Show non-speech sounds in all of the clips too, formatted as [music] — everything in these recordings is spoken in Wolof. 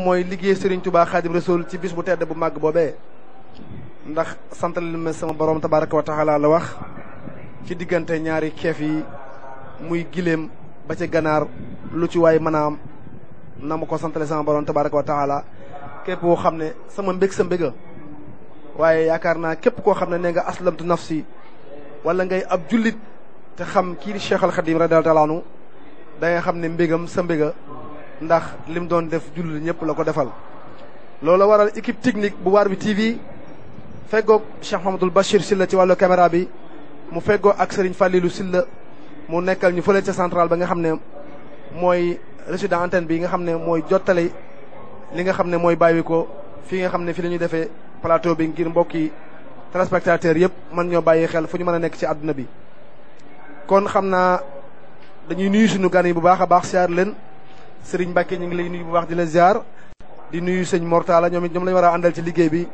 mooy liggéey Serigne Touba Khadim Rasoul ci bis bu tedd bu màgg boobee ndax santal ma sama borom tabaraka wa taala la wax ci diggante ñaari keef yi muy giléem ba ca ganaar lu ci waay mën nam am na ma ko santale sama borom tabaraka wa taala képp koo xam ne sama mbég sa mbéga waaye yaakaar naa képp koo xam ne nee nga aslamtu nafsi wala ngay ab jullit te xam kii di Cheikh al Khadim radiyallahu taala xam ne mbégam sa mbéga ndax lim doon def jullit ñëpp la ko defal loolu la waral équipe technique bu waar bi TV feggoog Cheikh Mamadou Bachir Silla ci wàllu caméra bi mu feggoo ak Serigne Fallilou Silla mu nekkal ñu fële ca central ba nga xam ne mooy résident antenne bi nga xam ne mooy jottale li nga xam ne mooy bàyyi ko fii nga xam ne fi lañuy ñuy defee plateau bi ngir mbokki téléspectateurs yëpp mën ñoo bàyyi xel fu ñu mën a nekk ci àdduna bi kon xam naa dañuy nuyu suñu gan yi bu baax a baax siyaar leen Serigne Mbacke ñu ngi lay nuyu bu baax di la ziar di nuyu sëñ Mortala ñoom it ñoom lañu war a àndal ci liggéey bi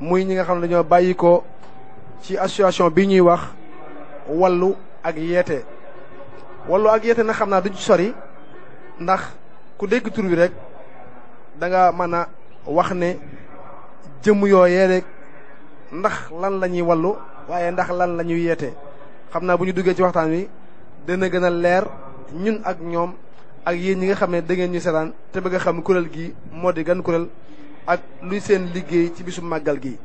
muy ñi nga xam ne dañoo bàyyi ko ci association bi ñuy wax wallu ak yeete wallu ak yeete nag xam naa duñ ci sori ndax ku dégg tur bi rek danga nga mën a wax ne jëmm yooyee rek ndax lan la ñuy wallu waaye ndax lan la ñuy yeete xam naa bu ñu duggee ci waxtaan wi dana gën a leer ñun ak ñoom ak yéen ñi nga xam ne da ngeen ñu seetaan te bëgg xam kuréel gi moo di gan kuréel ak luy seen liggéey ci bisu màggal gi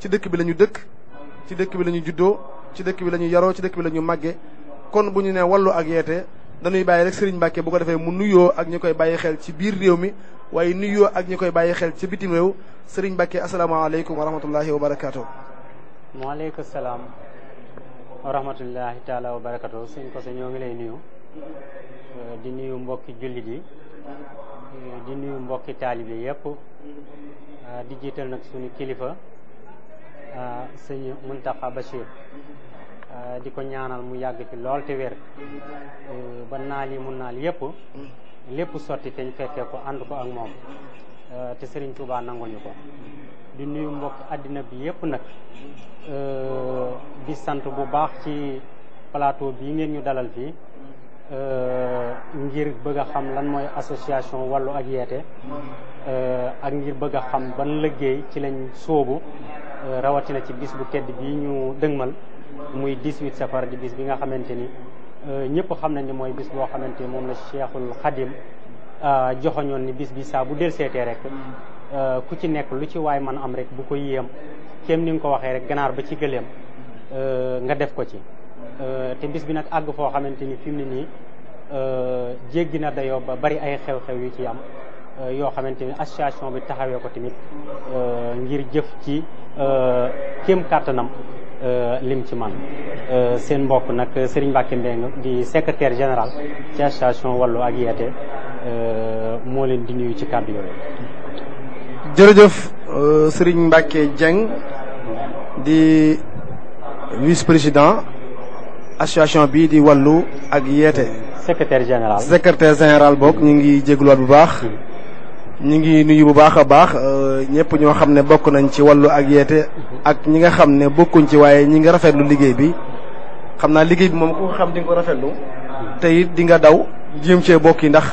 ci dëkk bi lañu dëkk ci dëkk bi la juddoo ci dëkk bi la yaroo ci dëkk bi la ñu màgge kon bu ñu nee wallu ak yeete dañuy bàyyi rek sëriñ Mbacke bu ko defee mu nuyoo ak ñu koy bàyyi xel ci biir réew mi waaye nuyoo ak ñu koy bàyyi xel ci bitim réew Serigne Mbacke asalaamaaleykum wa rahmatullahi wa barakaatu. waaleykum salaam wa rahmatullahi taala wa barakaatu. ñoo ngi lay nuyu. Euh, di nuyu mbokki jullit yi euh, di nuyu mbokki taalibe yépp euh, di jiital nag suñu kilifa sëñ Muntaxa Bachir di ko ñaanal mu yàgg fi lool te wér ba naal yi mun naal yépp lépp sotti te ñu fekkee ko ànd ko ak moom te Serigne Touba nangul ko di nuyu mbokk àddina bi yépp nag di sant bu baax ci plateau bii ngeen ñu dalal fii Euh, ngir bëgg a xam lan mooy association wàllu ak yeete euh, ak ngir bëgga xam ban liggéey ci lañ sóobu euh, rawatina ci bis bu tedd bi ñu dëgmal muy 18 safar di bis bi nga xamante ni ñëpp xam nañ ne mooy bis boo xamante ni moom la Cheikhul Khadim joxoñoon ni bis bi saabu bu del seetee rek ku ci nekk lu ci waay mën am rek bu ko yéem kéem ni nga ko waxee rek ganaar ba ci gëléem nga def ko ci Euh, te bis bi nag àgg foo xamante ni fi mu nii euh, jéggi na dayo ba bari ay xew-xew yu ci am euh, yoo xamante ni association bi taxawee ko tamit ngir jëf ci kéem kàttanam lim ci man seen mbokk nag sëriñ Mbacke Mbengue di secretaire général ci association Wallu ak Yeete moo leen di nuyu ci kàddu yooyu. jërëjëf Serigne Mbacke Dieng di vice président. association bii di wàllu ak yeete. secrétaire général secrétaire général boog ñu ngi jégluwaat bu baax. Hmm. ñu ngi nuyu bu baax a baax euh, ñëpp ñoo xam ne bokk nañ ci wàllu ak yeete. Hmm. ak ñi nga xam ne bokkuñ ci waaye ñi nga rafet rafetlu liggéey bi xam naa liggéey bi moom ku xam di ko rafetlu. Hmm. te it di nga daw jéem cee yi ndax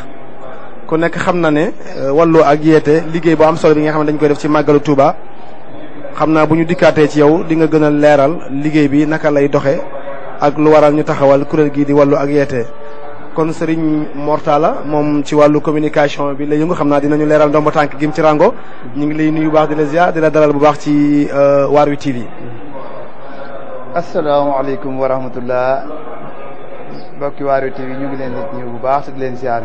ku nekk xam na ne euh, wàllu ak yeete liggéey boo am solo bi nga xam ne dañ koy def ci màggalu Touba. xam naa bu ñu dikkaatee ci yow di nga gën a leeral liggéey bi naka lay doxee. ak lu waral ñu taxawal kuréel gii di wàllu ak yeete kon sëriñ Mortala moom ci wàllu communication bi la yëngu xam naa dinañu leeral ndomba tànk gim ci rango ñu ngi lay nuyu baax di la ziar di dalal bu baax ci euh, Waarwi TV. asalaamaaleykum wa rahmatullah mbokki Waarwi TV ñu ngi leen di bu baax sa di leen ziar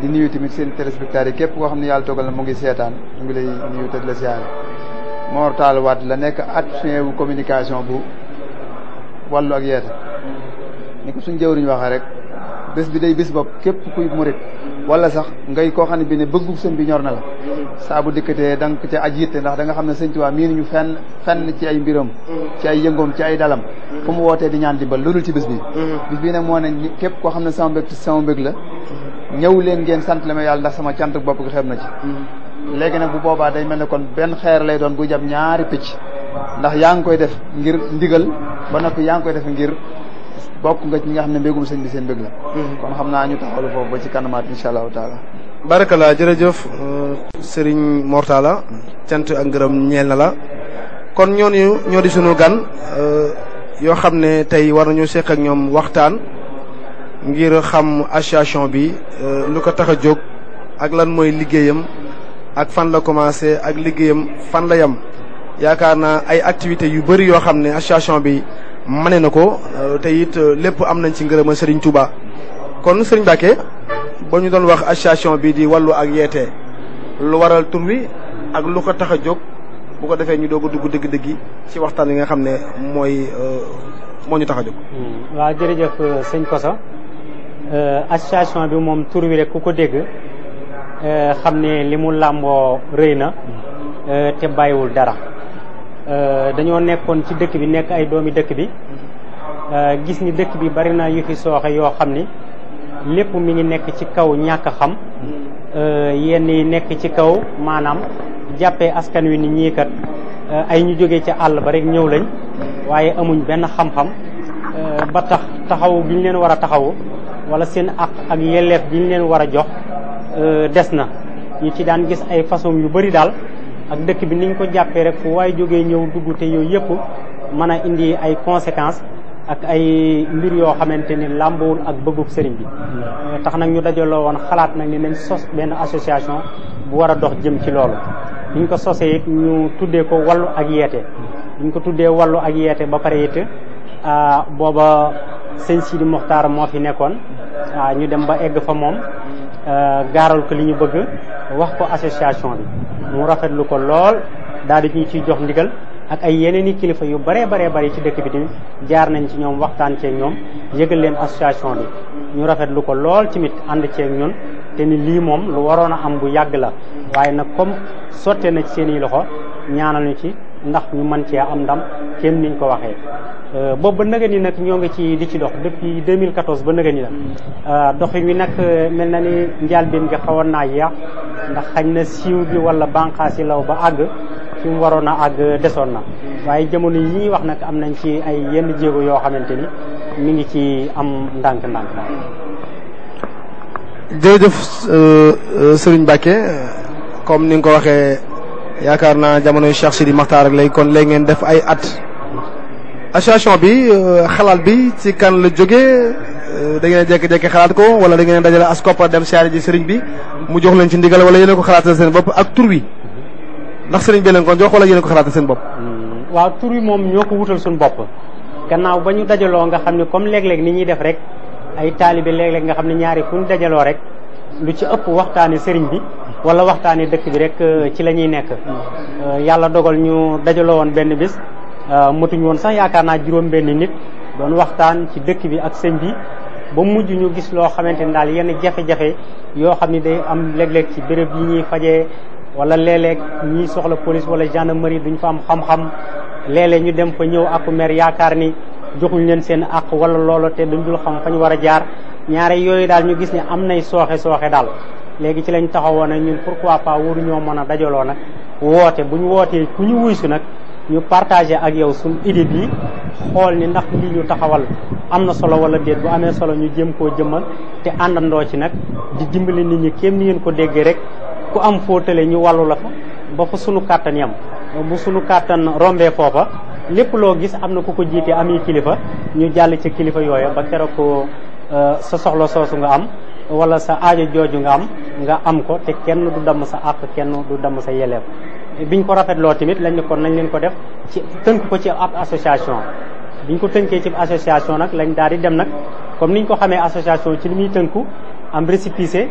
di nuyu tamit seen téléspectateurs yi képp koo xam ne yàlla dogal na mu ngi seetaan ñu ngi lay nuyu te di la ziar Mortala Wade la nekk adjoint wu communication bu. wàllu ak yeete ni ko suñ jëwriñ waxee rek bés bi day bis bopp képp kuy murit wala sax ngay koo xam ne bi ne bëggu sëñ bi ñor na la saabu bu dikkatee da nga ko ndax da nga xam ne sëñ Tuubaa mii ñu fenn fenn ci ay mbiram ci ay yëngoom ci ay dalam fu mu wootee di ñaan dimbal loolu ci bés bi bis bii nag moo ne képp koo xam ne sama mbég sama mbég la ñëw leen ngeen sant la ma yàlla ndax sama cant bopp gi xeeb na ci mm-hmm. léegi nag bu boobaa day mel ne kon benn xeer lay doon bu jam ñaari ndax yaa ngi koy def ngir ndigal ba noppi yaa ngi koy def ngir bokk nga ci ñi nga xam ne mbégum sëñ bi seen mbég la mm-hmm. kon xam naa ñu taxawlu foofu ba ci kanamaat insha allahu taala barakallah jërëjëf euh, Serigne Mor Talla cant ak ngërëm ñeel na la kon ñooñu ñoo di sunu gan euh, yoo xam ne tey war nañu seq ak ñoom waxtaan ngir xam association bi euh, lu ko tax a jóg ak lan mooy liggéeyam ak fan la commencé ak liggéeyam fan la yem yaakaar na ay activités yu bëri yoo xam ne association bi mane na ko euh, te it euh, lépp am nañ ci ngërëma Serigne Touba. kon Serigne Mbacké ba ñu doon wax association bi di wàllu ak yeete lu waral tur wi ak lu ko tax a jóg bu ko defee ñu doog a dugg dëgg-dëgg yi ci waxtaan wi nga xam ne mooy euh, moo ñu tax a jóg. Hmm. waaw jërëjëf sëñ Koso association bi moom tur wi rek ku ko dégg xam ne li mu làmboo rëy na hmm. te bàyyiwul dara. Euh, dañoo nekkoon ci dëkk bi nekk ay doomi dëkk bi euh, gis ni dëkk bi bari na yu fi sooxe yoo xam ni lépp mi ngi nekk ci kaw ñàkk xam euh, yenn yi nekk ci kaw maanaam jàppe askan wi ni ñii kat ay ñu jóge ca àll ba rek ñëw lañ waaye amuñ benn xam-xam ba tax taxaw bi ñu leen war a taxawu wala seen ak ak yelleef bi ñu leen war a jox des na ñu ci daan gis ay façon yu bari daal ak dëkk bi niñ ko jàppee rek fu waay jógee ñëw dugg te yooyu yëpp mën a indi ay conséquences ak ay mbir yoo xamante ni làmbawul ak bëggub sëriñ bi mm. tax nag ñu dajaloo woon xalaat nag ni nañ sos benn association bu war a dox jëm ci loolu niñ ko sosee it ñu tuddee ko wallu ak yeete ñu ko tuddee wallu ak yeete ba pare it ah, booba sëñ Sidi Mokhtar moo fi nekkoon ah, ñu dem ba egg fa moom Euh, gaaral ko li ñu bëgg wax ko association bi mu rafetlu ko lool daal di ñu ciy jox ndigal ak ay yeneen i kilifa yu bare bare bare ci dëkk bi di jaar nañ ci ñoom waxtaan ceeg ñoom yëgal leen association bi ñu rafetlu ko lool tamit ànd ceeg ñun te ni lii moom lu waroon a am bu yàgg la waaye nag comme sotte na ci seen i loxo ñaanal ci ndax ñu mën cee am ndam kéem niñ ko waxee euh, boobu ba nëgë ni nag ñoo ngi ci di ci dox depuis 2014 ba nëgë ni la euh, doxin wi nag euh, mel na ni njëlbéen gi xawoon naa yéex ndax xañ na siiw bi wala bànqaas si law ba àgg fi mu waroon a àgg desoon na waaye jamono yi ñuy wax nag am nañ ci ay yenn jéego yoo xamante ni mu ngi ci am ndànk-ndànk daal. jërëjëf Serigne comme ni nga ko waxee. yaakaar naa jamonoy Cheikh Sidi maxtaa rek léegi kon léegi ngeen def ay at. association bi euh, xalaat bi ci kan la jóge euh, da ngeen jékki-jékki xalaat ko wala da ngeen dajale as koppar dem siyaare ji sëriñ bi mu jox leen ci ndigal wala yéen ko xalaat seen bopp ak tur wi ndax sëriñ bi leen ko jox wala yéen ko xalaatal seen bopp. Hmm, waaw tur wi moom ñoo ko wutal suñu bopp. gannaaw ba ñu dajaloo nga xam ne comme léeg-léeg ni ñuy def rek ay taalibe léeg-léeg nga xam ne ñaar fu ñu rek lu ci ëpp waxtaane sëriñ bi. wala waxtaani dëkk bi rek euh, ci la ñuy nekk euh, yàlla dogal ñu dajaloo woon benn bis euh, motuñ woon sax yaakaar naa juróom benn nit doon waxtaan ci dëkk bi ak sëñ bi ba mujj ñu gis loo xamante ni daal yenn jafe-jafe yoo xam ni day am léeg-léeg ci béréb yi ñuy faje wala léeg ñuy soxla police wala gendarmerie ñu fa am xam-xam léeg ñu dem fa ñëw ak maire yaakaar ni joxuñ leen seen àq wala loolo te duñ dul xam fañ war a jaar ñaare yooyu daal ñu gis ne am nay sooxe sooxe daal léegi ci lañ taxawoon nag ñun pourquoi pas waruñoo mën a dajaloo nag woote bu ñu wootee ku ñu wuysu nag ñu partagé ak yow suñ idée yi xool ni ndax lii ñu taxawal am na solo wala déet bu amee solo ñu jéem koo jëmmal te àndandoo ci nag di dimbali nit ñi kéem ni ngeen ko déggee rek ku am fóotale ñu wàllu la fa ba fa sunu kàttan yam bu sunu kàttan rombee foofa lépp loo gis am na ku ko jiite ami kilifa ñu jàll ci kilifa yooya ba keroog ko euh, sa soxla soosu nga am wala sa aajo jooju nga am nga am ko te kenn du damm sa àq kenn du damm sa yeleef biñ ko rafetloo tamit lañ ne kon nañ leen ko def ci tënk ko ci ab association biñ ko tënkee ci association nag lañ daal di dem nag comme niñ ko xamee association ci li muy tënku am récépissé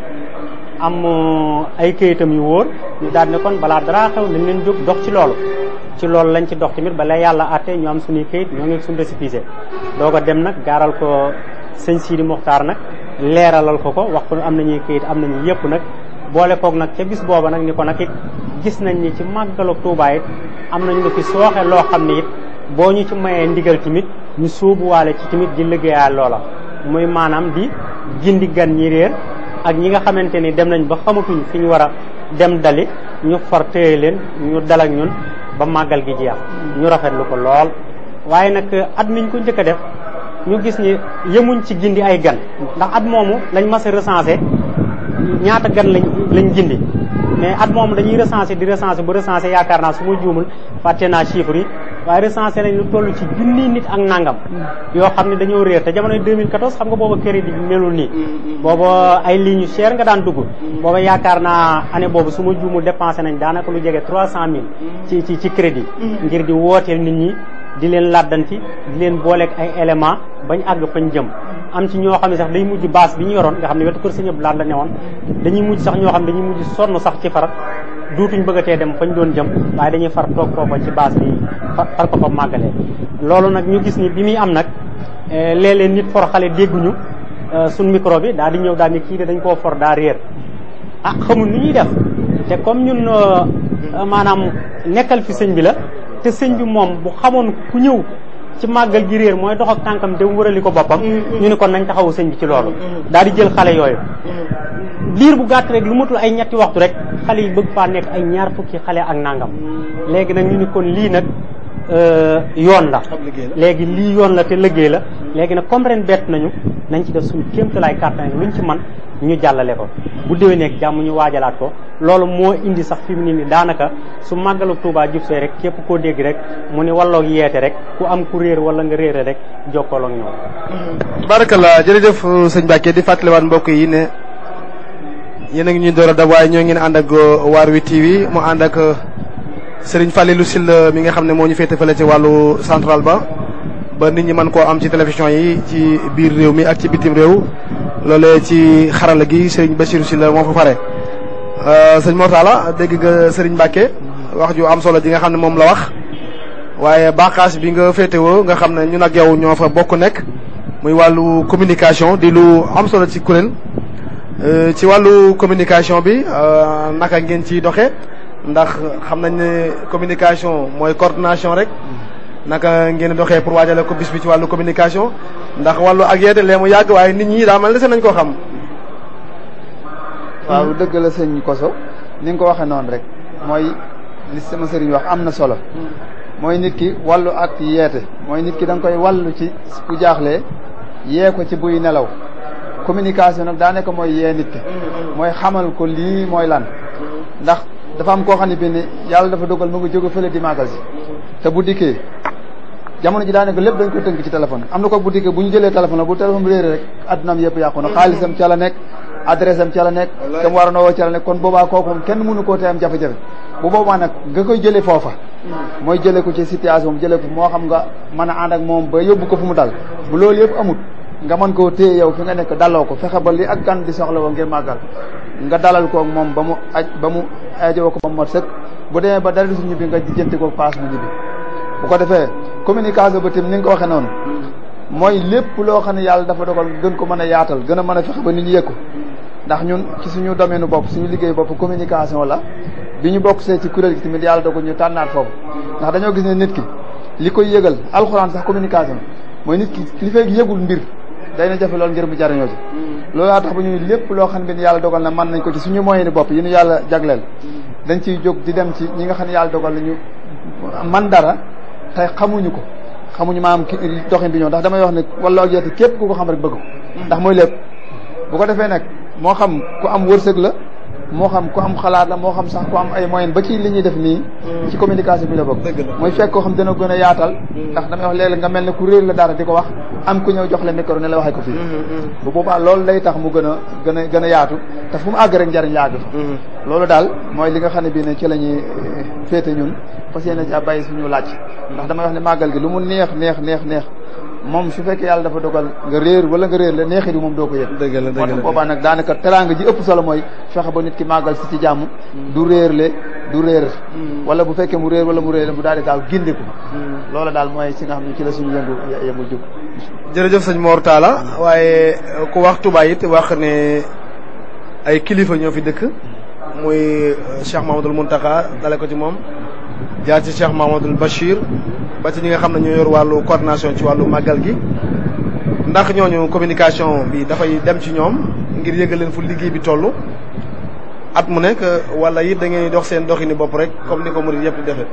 am euh, ay këyitam yu wóor ñu daal ne kon balaa dara xew nañ leen jóg dox ci loolu ci loolu lañ ci dox tamit bala yàlla àtte ñu am suñuy këyit ñoo ngi suñu récépissé doo ko dem nag gaaral ko leeralal ko ko wax ko am nañuy këyit am nañu yëpp nag boole koog nag ca bis booba nag ni ko nag it gis nañ ni ci màggalu Tuubaa it am nañu lu fi sooxe loo xam ne it boo ñu ci mayee ndigal tamit ñu suubuwaale ci tamit di liggéeyaal loola muy maanaam bi gindi gan ñi réer ak ñi nga xamante ni dem nañ ba xamatuñ fi ñu war a dem dali ñu far téye leen ñu dal ñun ba màggal gi jeex ñu lu ko lool waaye nag at miñ ko njëkk def ñu gis ni yemuñ ci gindi ay gan ndax at moomu lañ mas a recensé ñaata gan lañ lañ gindi mais at moomu dañuy recensé di recensé bu recensé yaakaar naa su ma juumul fàtte naa chiffres yi waaye recensé nañ lu toll ci junni nit ak nangam mm. yoo xam ne dañoo réer te jamono 2014 xam nga booba crédit bi melul nii mm, mm, booba ay lignes yu cher nga daan dugg booba yaakaar naa année boobu suma juumul dépensé nañ daanaka lu jege 300000 ci ci ci crédit ngir di wooteel nit di leen làddanti di leen booleek ay élément bañ àgg fañ jëm am ci ñoo xam ne sax day mujj baas bi ñu yoroon nga xam ne wetu kër sëñ Abdu Lahat la newoon dañuy mujj sax ñoo xam ne dañuy mujj sonn sax ci farat duutuñ bëggatee dem fañ doon jëm waaye dañuy far toog foofa ci baas bi far ko fa màggalee loolu nag ñu gis ni bi muy am nag eh, léeg-léeg nit for xale dégguñu eh, suñ micro bi daal di ñëw daal ni kii de dañ koo for daa réer ah xamul nu ñuy def te comme ñun euh, maanaam nekkal fi sëñ bi la te sëñ bi moom bu xamoon ku ñëw ci màggal gi réer mooy dox ak tànkam dem wërali ko boppam ñu ne kon nañ taxawu sëñ bi ci loolu daal di jël xale yooyu liir bu gàtt rek lu matul ay ñetti waxtu rek xale yi bëgg faa nekk ay ñaar fukki xale ak nàngam léegi nag ñu ne kon lii nag Euh, yoon la léegi lii yoon la te liggéey la léegi nag comme ren bett nañu nañ ci def suñ suñu kéemtalaay kàttan luñ ci man ñu jàllale ko bu déwénee ak jàmm ñu waajalaat ko loolu moo indi sax fi mu ne nii daanaka su màggalu Tuubaa jubsee rek képp koo dégg rek mu ne walloog yeete rek ku am ku réer wala nga réere rek jokkool ak ñoom tabaarakallaa jërëjëf sëñ Mbacke di fàttaliwaat mbokk yi ne yéen a ngi ñu door a dab ñoo ngi ne ànd ak Waarwi TV mu ànd ak Serigne Fallilou Sylla mi nga xam ne moo ñu féete fële ci wàllu central ba ba nit ñi man koo am ci télévision yi ci biir réew mi ak ci bitim réew loolee ci xarala gi Serigne ba Sylla moo fa pare. Euh, sëñ Mortala dégg nga Serigne Mbacke wax ju am solo ji nga xam ne moom la wax waaye bànqaas bi nga féetewoo nga xam ne ñun ak yow ñoo fa bokk nekk muy wàllu communication di lu am solo ci kuréel euh, ci wàllu communication bi euh, naka ngeen ciy doxee. ndax xam nañ ne communication mooy coordination rek naka ngeen doxee pour waajale ko bis bi ci wàllu communication ndax wàllu ak yeete lee mu yàgg waaye nit ñi daa mel ne seen nañ ko xam. waaw dëgg la sëñ Koso ni nga ko waxee noonu rek mooy li sama sëriñ wax am na solo. mooy nit ki wàllu ak yeete mooy nit ki danga koy wàllu ci bu jaaxle yee ko ci buy nelaw communication nag daa nekk mooy yee nit ki. Mm-hmm. mooy xamal ko lii mooy lan ndax. dafa am koo xam ne bi ne yàlla dafa dogal mu ngi jóge fële di màggal te bu dikkee jamono ji daanaka lépp dañ ko tënk ci téléphone am na ko bu dikkee bu ñu jëlee téléphone la bu téléphone bi réeré rek addunaam yëpp yàqu na mm-hmm. xaalisam ca la nekk adresse am ca nekk te mu war a nowoo nekk kon boobaa kooku kenn mënu koo tey am jafe-jafe bu boobaa nag nga koy jëlee foofa mm-hmm. mooy jëlee ko ci situation jëlee ko moo xam nga mën a ànd ak moom ba yóbbu ko fu mu dal bu loolu yëpp amut nga mën koo téye yow fi nga nekk daloo ko fexe ba li ak gan di soxla woo ngir màggal nga dalal koog moom ba mu aj ba mu ajoo ko ba mu mat sëkk bu demee ba dara du si ñibbi nga jënti ko paas mu ñibbi bu ko defee communication ba tim ni nga ko waxee noonu mooy lépp loo xam ne yàlla dafa dogal gën ko mën a yaatal gën a mën a fexe nit ñi yëg ko ndax ñun ci suñu domaine bopp suñu liggéey bopp communication la bi ñu bokk see ci kuréel gi tamit yàlla dogal ñu tànnaat foofu ndax dañoo gis ne nit ki li koy yëgal alxuraan sax communication mooy nit ki li fekk yëgul mbir day na jafe lool ngir mu jariñoo ci mm. loolaa tax bu ñu lépp loo xam ne yàlla dogal na mën nañ ko ci suñu moyen ni bopp yi ñu yàlla jagleel mm. dañ ciy jóg di dem ci ñi nga xam ne yàlla dogal na ñu man dara tey xamuñu ko xamuñu maa am doxin bi ñëw ndax damay wax ne wala ak yéete képp ku ko xam rek bëgg ko ndax mooy lépp bu ko defee nag moo xam ku am wërsëg la moo xam ku am xalaat la moo xam sax ku am ay moyen ba ci li ñuy def nii mm. ci communication bi la bokk mooy fekk koo xam dana gën a yaatal mm. ndax damay wax léeg-léeg nga mel ne ku réer la dara di ko wax am ku ñëw jox la micro ne la waxee ko fii mm-hmm, mm-hmm. bu boobaa loolu lay tax mu gën a gën a gën a yaatu te fu mu àgg rek njariñ la àgg fa mm-hmm. loolu daal mooy li nga xam ne bii ne ci la ñuy eh, féete ñun fas a ci bàyyi suñu laaj ndax damay wax ne màggal gi lu mu neex neex neex neex moom su fekkee yàlla dafa dogal nga réer wala nga réer la neexit bi moom doo ko yëg dëgg la dëgg la boobaa nag daanaka teraanga ji solo mooy fexe ba nit ki màggal si jàmm mm. du réer le du réer mm. wala bu fekkee mu réer wala mu réer le mu daal di gaaw gindiku mm. daal mooy si nga xam ne ci la suñu yëngu yëngu jub jërëjëf sëñ Mor waaye uh, ku wax Touba it wax ne ay kilifa ñoo fi dëkk muy uh, Cheikh Mahamadul Mountakha dale ko ci moom jaar ci Cheikh Mahamadul Bachir ba ci ñi nga xam ne ñoo yor wàllu coordination ci wàllu màggal gi ndax ñooñu communication bi dafay dem ci ñoom ngir yëgal leen fu liggéey bi toll at mu nekk wala yit da ngeen dox seen doxini bopp rek comme ni ko murid yëpp di defee.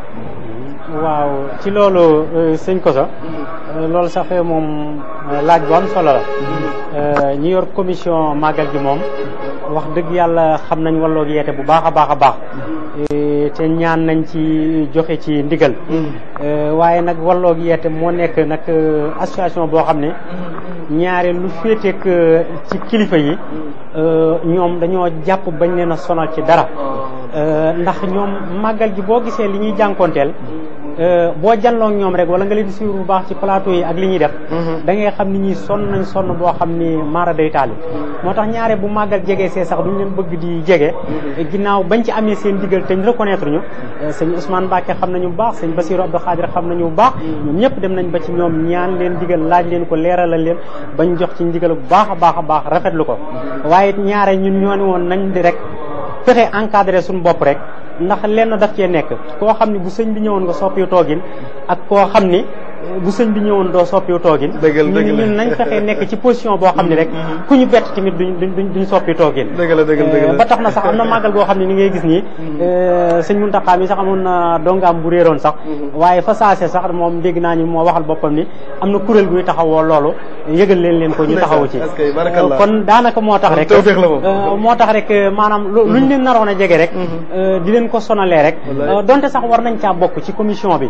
waaw ci loolu euh, sëñ Koso mm-hmm. euh, loolu sax moom euh, laaj bu am solo la mm-hmm. ñi yor commission màggal gi moom wax dëgg yàlla xam nañ walloog yeete bu baax a baax a baax mm-hmm. te ñaan nañ ci joxe ci ndigal waaye nag walloog yeete moo nekk nag association boo xam ne ñaare lu féeteek ci kilifa yi ñoom dañoo jàpp bañ leen na sonal ci dara oh. ndax ñoom màggal gi boo gisee li ñuy jànkoonteel Euh, boo jàlloog ñoom rek wala nga leen di suivre bu baax ci plateau yi ak li ñuy def mhm. da ngay xam ni ñuy sonn nañ sonn boo xam ni maara taal taali moo tax ñaare bu màggal jege see sax duñu leen bëgg di jege ginnaaw bañ ci amee seen digal te ñu reconnaître ñu euh, sëñ Ousmane Mbacke xam nañu bu baax sëñ Bassirou Abdou Khadir xam nañu bu baax ñoom ñëpp dem nañ ba ci ñoom ñaan leen digal laaj leen ko leeralal leen bañ jox ci ndigal bu baax a baax a baax rafet lu ko waaye ñaare ñun ñoo ne nañ di rek fexe suñu bopp rek ndax lenn daf cee nekk koo xam ne bu sëñ bi ñëwoon nga soppi toogin ak koo xam ni bu sëñ bi ñëwoon doo soppiwu toogin nañ fexe nekk ci position boo xam ne rek mm-hmm. ku ñu bett tamit duñ duñ soppi toogin eh, ba tax na sax am na màggal goo xam ne ni ngay gis nii mm-hmm. eh, sëñ Muntaxa mi sax amoon na dongaam bu réeroon sax mm-hmm. waaye fa saase sax moom dégg naa ñi moo waxal boppam ni am na kuréel guy taxawoo loolu yëgal leen leen ko ñu taxawu ci kon daanaka moo tax rek eh, moo tax rek maanaam lu ñu leen naroon a jege rek di leen ko sonalee rek donte sax war nañ caa bokk ci commission bi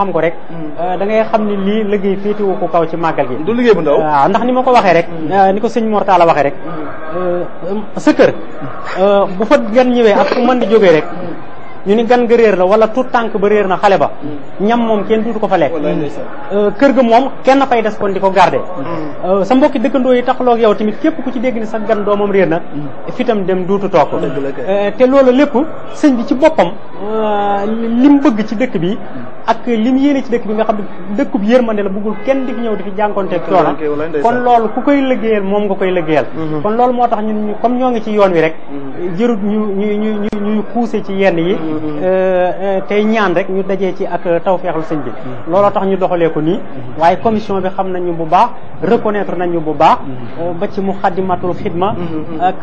xam ko rek mm. euh, dangay xam ne lii liggéey féetewu ko kaw ci màggal gi du liggéey bu waaw ndax ni ma ko waxee rek mm. euh, ni ko sëñ Mortala waxee rek mm. euh, sa kër bu fa gan ñëwee ak fu mën di jógee rek ñu ni gan ga la wala tout tànk ba réer na xale ba ñam moom kenn duutu ko fa lekk kër ga moom kenn fay des kon di ko garde sa mbokki dëkkandoo yi taxaloog yow tamit képp ku ci dégg ni sa gan doomam réer na fitam dem duutu toog te loolu lépp sëñ bi ci boppam li mu bëgg ci dëkk bi ak lim yéene ci dëkk bi nga xam ne dëkkub yërmande la bëggul kenn di fi ñëw di fi jànkonteeg coono kon loolu ku koy liggéeyal moom nga koy liggéeyal mhm. kon loolu moo tax ñun comme ñoo ngi ci yoon wi rek mhm. jërut ñu ñu ñu ñuy xuuse ci yenn yi mhm. euh, euh, tey ñaan rek ñu dajee ci ak taw feexlu sëñ bi looloo tax ñu doxalee ko nii waaye commission bi xam nañu bu baax reconnaître nañu bu baax euh, ba ci mu xaddimatul xidma ak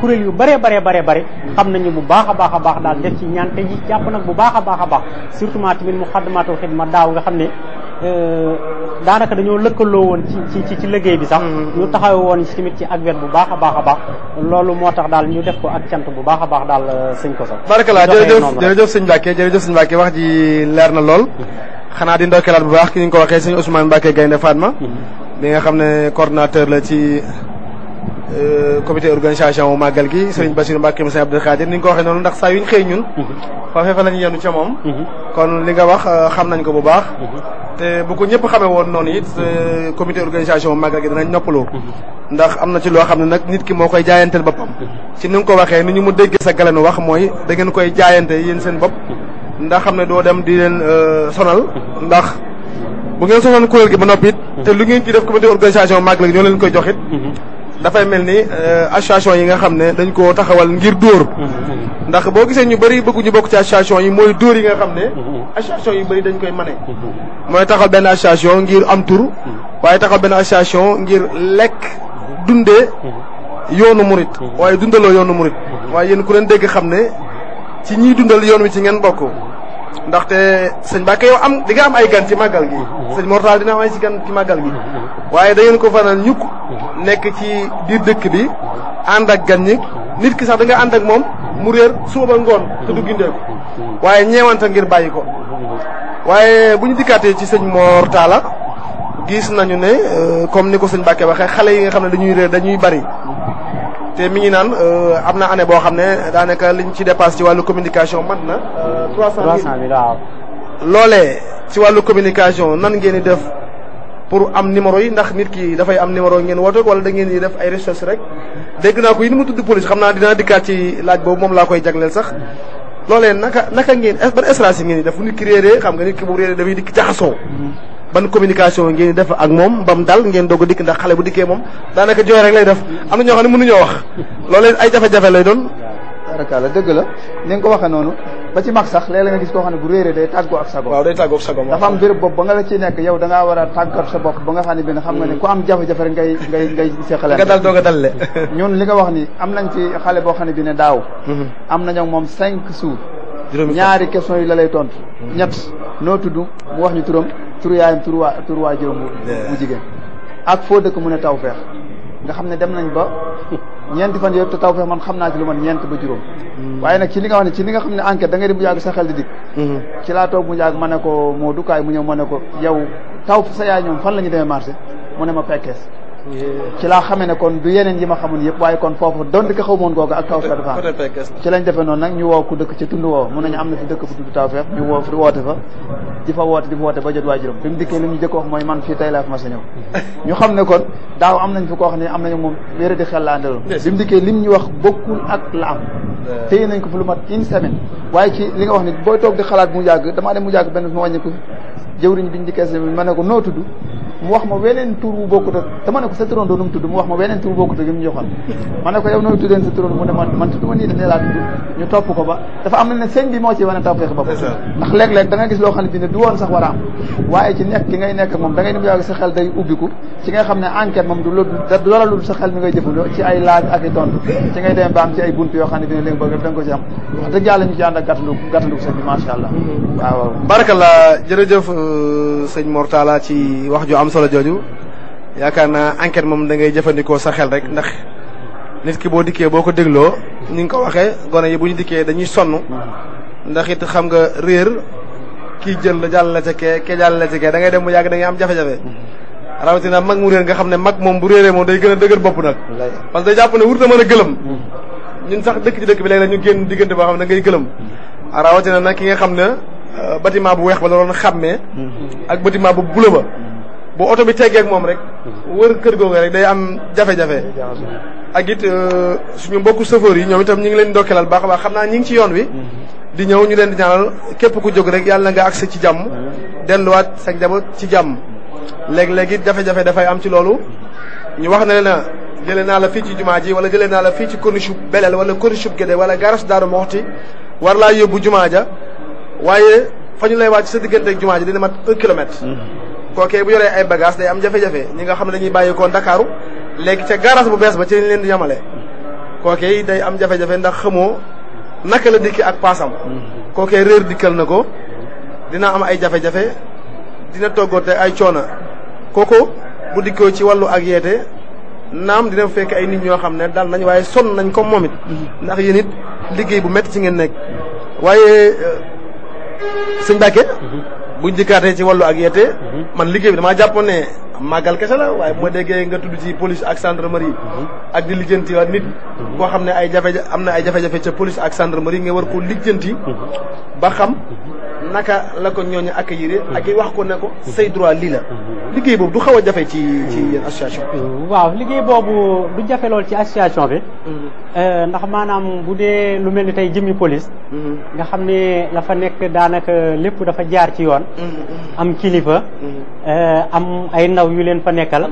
kuréel yu bare bare bare bare xam nañu bu baax a baax a baax daal def ci ñaan te jàpp nag bu baax a baax a surtout tamit mu xaddamaatul xidma daaw nga xam ne euh, daanaka dañoo lëkkaloo woon ci ci ci liggéey bi sax mm-hmm. ñu taxaw woon ci tamit ci ak wet bu baax a baax a baax loolu moo tax daal ñu def ko ak cant bu baax a baax daal euh, sañ ko sax barakalla jërëjëf jërëjëf sëñ Mbacke jërëjëf sëñ Mbacke wax leer na lool xanaa di ndokkeelaat bu baax ki ñu ko waxee sëñ Ousmane Mbacke Gaynde Fatma mm-hmm. bi nga xam ne coordonnateur la ci Euh, comité organisation màggal gi sëriñ Bassirou Mbacke Moussa Abdou Khadir ni nga ko waxee noonu ndax saa yu ñu xëy ñun mhm. foofee fa lañu yenu ca moom mhm. kon li nga wax euh, xam nañ ko bu baax mhm. te bu ko ñëpp xamee woon noonu it euh, comité organisation màggal gi danañ noppaloo ndax am na ci loo xam ne nag nit ki moo koy jaayanteel boppam ci ni nga ko waxee ni ñu mu dégg sa galanu mooy da ngeen koy jaayante yéen seen bopp ndax xam ne doo dem di leen sonal ndax bu ngeen sonal kuréel gi ba noppi te lu ngeen ci def comité organisation màggal gi ñoo leen koy joxit dafay mel ni euh, association yi nga xam ne dañ koo taxawal ngir dóor ndax boo gisee ñu bëri bëgguñu bokk ci association yi mooy dóor yi nga xam ne association yu bari dañ koy mane mooy taxawal benn association ngir am tur waaye taxawal benn association ngir lekk dundee yoonu murit waaye dundaloo yoonu murit waaye yéen ku leen dégg xam ne ci ñiy dundal yoon wi ci ngeen bokk ndaxte sëñ Mbacke yow am di nga am ay gan ci màggal gi sëñ Mortal dina am ay si gan ci màggal gi waaye da ngeen ko fanaan ñukk nekk ci biir dëkk bi ànd ak gan ñi nit ki sax da nga moom mu réer suba ngoon te du gindee ko waaye ñeewanta ngir bàyyi ko waaye bu ñu dikkaatee ci sëñ Mor Talla gis nañu ne euh, comme ni ko sëñ Bakke waxee xale yi nga xam ne dañuy réer dañuy bari te mi ngi naan euh, am na année boo xam ne daanaka liñ ci dépasse ci wàllu communication mat na. 300 euh, 000 loolee ci wàllu communication nan ngeen di def. pour am numéro yi ndax nit ki dafay am numéro ngeen woote wala da ngeen di def ay recherche rek dégg naa ko yi ni mu tudd police xam naa dina dikkaat ci laaj boobu moom laa koy jagleel sax loolee naka naka ngeen ban stratégie ngeen di def nit ki réeree xam nga nit ki bu réeree dafay dikk jaxasoo ban communication ngeen di def ak moom mbam dal ngeen doog a dikk ndax xale bu dikkee moom daanaka jooy rek lay def am na ñoo xam ne mënuñoo wax loolee ay jafe-jafe lay doon tabarakaala dëgg la ni nga ko waxee noonu ba ci mag sax léeg-léeg nga gis koo xam ne bu réeré day tàggoo ak sago waaw day tàggoo ak sago dafa am da ngaa a sa bopp ba nga xam ne bi ne a [laughs] nañ ci xale boo xam ne bi ne daaw mhm. am nañu moom cinq jours ñaari question yi la lay tontu mhm. ñett noo tudd mu wax ñu turam tur yaayam tur waa tur waa juróom bu jigéen ak foo dëkk mu ne taw nga xam ne dem nañ ba [laughs] ñeenti fan yëpp te taw feex man xam naa ci lu man ñeent ba juróom hmm. waaye nag ci li nga wax ne ci li nga xam ne enquête da ngay dem bu yàgg sa xel di dik hmm. ci laa toog mu yàgg ma ne ko moo dukaay mu ñëw ma ne ko yow taw sa yaay ñoom fan la ñu demee marché mu ne ma pekkees ci laa xamee ne kon du yeneen yi ma xamoon yëpp waaye kon foofu donte ka xaw moon googu ak tawfeex fa ci lañ defee noonu nag ñu woo ku dëkk ca tund woo mun nañu am na fi dëkk bu tudd tawfeex ñu woo fi di woote fa woote bi li ñu jëkk wax mooy man fii tey laa fi ma [laughs] bi bokkul ak la am téye nañ ko fi lu mat une semaine waaye ci li nga wax ni booy toog di xalaat mu yàgg damaa dem mu yàgg benn ma wàññi ko jëwriñ biñ dikkee ma ne ko noo tudd mu wax ma weneen tur bu bokkut ak dama ko sa turandoo tudd mu wax ma weneen tur bu bokkut ak yi mu joxoon ma ne ko yow laa tudd ñu topp ko ba dafa am na ne sëñ bi moo ci wane tawfeex bopp ndax léeg-léeg da nga gis loo xam ne bi ne du a am waaye moom da ngay dem yàgg sa xel day ubbiku ci nga xam ne enquête moom du loola lu sa xel mi ngay jëfandoo ci ay laaj ak i tontu ci ngay dem ba ci ay bunt yoo xam ne bi ne léegi bëgg da nga ko am wax dëgg yàlla ñu ci ànd ak gàttandu gàttandu sëñ bi allah mm-hmm. waaw barakallah euh, am solo jooju kaar naa enquête moom da ngay jëfandikoo sa xel rek ndax nit ki boo dikkee boo ko dégloo ni nga ko waxee gone yi bu ñu dikkee dañuy sonn ndax it xam nga réer kii jël la jàll la ca kee kee jàll la kee da ngay dem bu yàgg da ngay am jafe-jafe rawatina mag mu réer nga xam ne mag moom bu réeree moom day gën a dëgër bopp nag parce que day jàpp ne wur na mën a gëlëm ñun sax dëkk ci dëkk bi léegi la ñu génn diggante boo xam ne da ngay gëlëm rawatina nag ki nga xam ne euh, bâtiment bu weex ba hmm. ba boo oto bi teggeek moom rek wër kër googu rek day am jafe-jafe ak it euh, suñu mbokku chauffeur yi ñoom itam ñu ngi leen ndokkeelal baax a baax xam naa ñi ngi ci yoon wi mm-hmm. di ñëw ñu leen di ñaanal képp ku jóg rek yàlla nga agsi ci jàmm mm-hmm. delluwaat sa njaboot ci jàmm léeg-léeg it jafe-jafe dafay am ci loolu ñu wax ne na jëlee naa la fii ci jumaa ji wala jëlee naa la fii ci corniche belel wala corniche gédé wala garas daaru moxti war laa yóbbu jumaa ja waaye fa ñu lay wàcc sa diggante jumaa ji dina mat un kilomètre mm-hmm. kookee bu yoree ay bagage day am jafe-jafe ñi nga xam ne dañuy bàyyi ko Ndakaaru léegi ca garage bu bees ba ci leen di yamale kookee day am jafe-jafe ndax xamoo naka la dikki ak paasam mm-hmm. kookee réer dikkal na ko dina am ay jafe-jafe dina toggoote ay coona kooku bu dikkoo ci wàllu ak yeete naam dina fekk ay nit ñoo xam ne daal nañ waaye sonn nañ ko moom it mm-hmm. ndax yéen liggéey bu métti ci ngeen nekk waaye euh, sëñ Mbacke mm-hmm. bu dikkaatee ci wàllu ak yeete mhm. man liggéey bi damaa jàppoon ne màggal kese la waaye moo ma déggee nga tudd ci police ak gendarmerie mhm. ak di lijjanti nit mhm. koo xam ne ay jafe am na ay jafe-jafe ca police ak gendarmerie nga war ko lijjanti ba xam naka la ko ak accueillir ak yi wax ko ne ko say droit lii la liggéey boobu du xaw a jafe ci association waaw liggéey boobu du jafe lool ci association bi Euh, ndax maanaam bu dee lu mel ni tey jëmmi police. Mhm. nga xam ne la nekk daanaka lépp dafa jaar ci yoon. Mhm, mhm. am kilifa. Euh, am ay ndaw yu leen fa nekkal.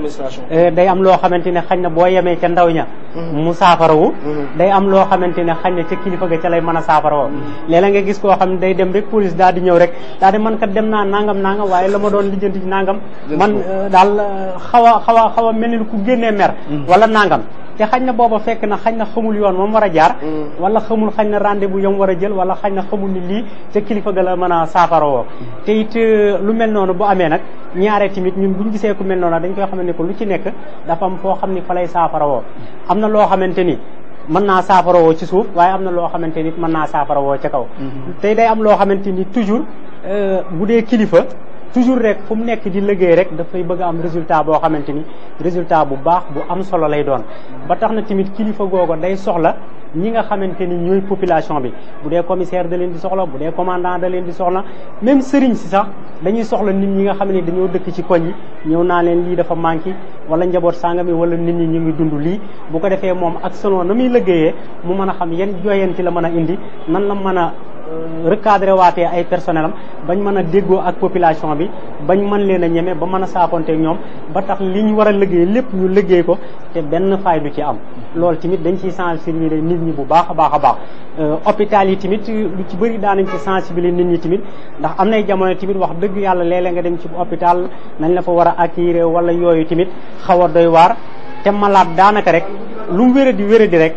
Euh, day am loo xamante ne xañ na boo yemee ca ndaw ña. mu saafarawu. day am loo xamante ne xañ na ca kilifa ga ca lay mën a saafara léeg-léeg nga gis koo xam ne day dem rek police daal di ñëw rek daal di man kat dem naa nangam nangam waaye la ma doon lijjanti nangam. man daal xaw xawa xaw xaw a mel ni ku génne mer. wala nangam. te xañ na booba fekk na xañ na xamul yoon moom war a jaar mm. wala xamul xañ na rendez-vous yam war a jël wala xañ na xamul ni lii ca kilifa ga la man a saafara woo te it euh, lu mel noonu bu amee nag ñaaree tamit ñun buñ gisee ku mel noonu dañ koy xamante ne ko lu ci nekk dafa am foo xam ni fa lay saafara woo am na loo xamante ni mën naa saafara woo ci suuf waaye am na loo xamante ni mën naa saafara woo ca kaw mm-hmm. tey day am loo xamante ni toujours euh, bu dee kilifa toujours rek fu mu nekk di liggéey rek dafay bëgg am résultat boo xamante ni résultat bu baax bu am solo lay doon ba tax na tamit kilifa googu day soxla ñi nga xamante ni ñooy population bi bu dee commissaire da leen di soxla bu dee commandant da leen di soxla même sëriñ si sax dañuy soxla nit ñi nga xam ne dañoo dëkk ci koñ yi ñëw naa leen lii dafa manqué wala njaboot sànga mi wala nit ñi ñu ngi dund lii bu ko defee moom ak selon na muy liggéeyee mu mën a xam yan joyanti la mën a indi mën Euh, recadré waatee ay personnel am bañ mën a déggoo ak population bi bañ mën leen a ñeme ba mën a saakonteeg ñoom ba tax li ñu war a liggéey lépp ñu liggéey ko te benn fay du ci am loolu tamit dañ ciy sensibiliser nit ñi bu baax baax a baax euh, yi tamit lu ci bëri daanañ ci sensibiliser nit ñi tamit ndax am nay jamono tamit wax dëgg yàlla léeg-léeg nga dem ci hôpital nañ la fa war a accueillir wala yooyu tamit xaw a doy waar te malaat daanaka rek lu mu wéradi wéradi rek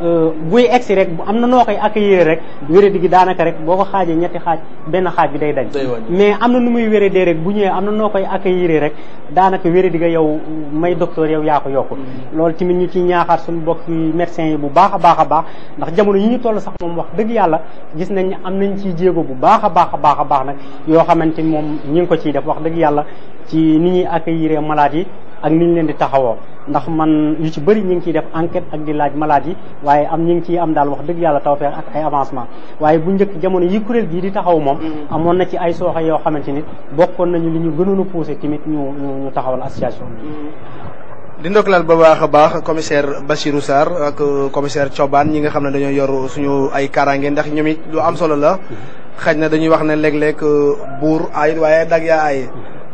Euh, buy egsi rek bu am na noo koy accueillir rek wéradi gi daanaka rek boo ko xaajee ñetti xaaj benn xaaj bi day dañ mais am na nu muy wéradee rek bu ñëwee am na noo koy accueillir rek daanaka wéradi ga yow may docteur yow yaa ko yokku mm-hmm. loolu tamit ñu ci ñaaxaat suñu bokk médecin yi bu baax a baax a baax ndax jamono yi ñu toll sax moom wax dëgg yàlla gis nañ am nañ ciy jéego bu baax a baax a baax a baax nag yoo xamante moom ñi ngi ko ciy def wax dëgg yàlla ci ni ñuy accueillir malade yi ak ni ñu leen di taxawoo ndax man yu ci bëri ñu ngi ciy def enquête ak di laaj malade yi waaye am ñu ngi ciy am daal wax dëgg yàlla tawfeex ak ay avancement waaye bu njëkk jamono yi kuréel gii di taxaw moom mm-hmm. amoon na ci ay sooxe yoo xamante ni bokkoon nañu li ñu gënoon a poussé tamit ñu ñu taxawal association mm-hmm. di ndokkalaal ba baax a baax commissaire Bassirou Sarr ak euh, commissaire Thioban ñi nga xam ne dañoo yor suñu ay kaaraange ndax ñoom it lu am solo la mm-hmm. xaj na dañuy wax ne léeg euh, buur aayit waaye dag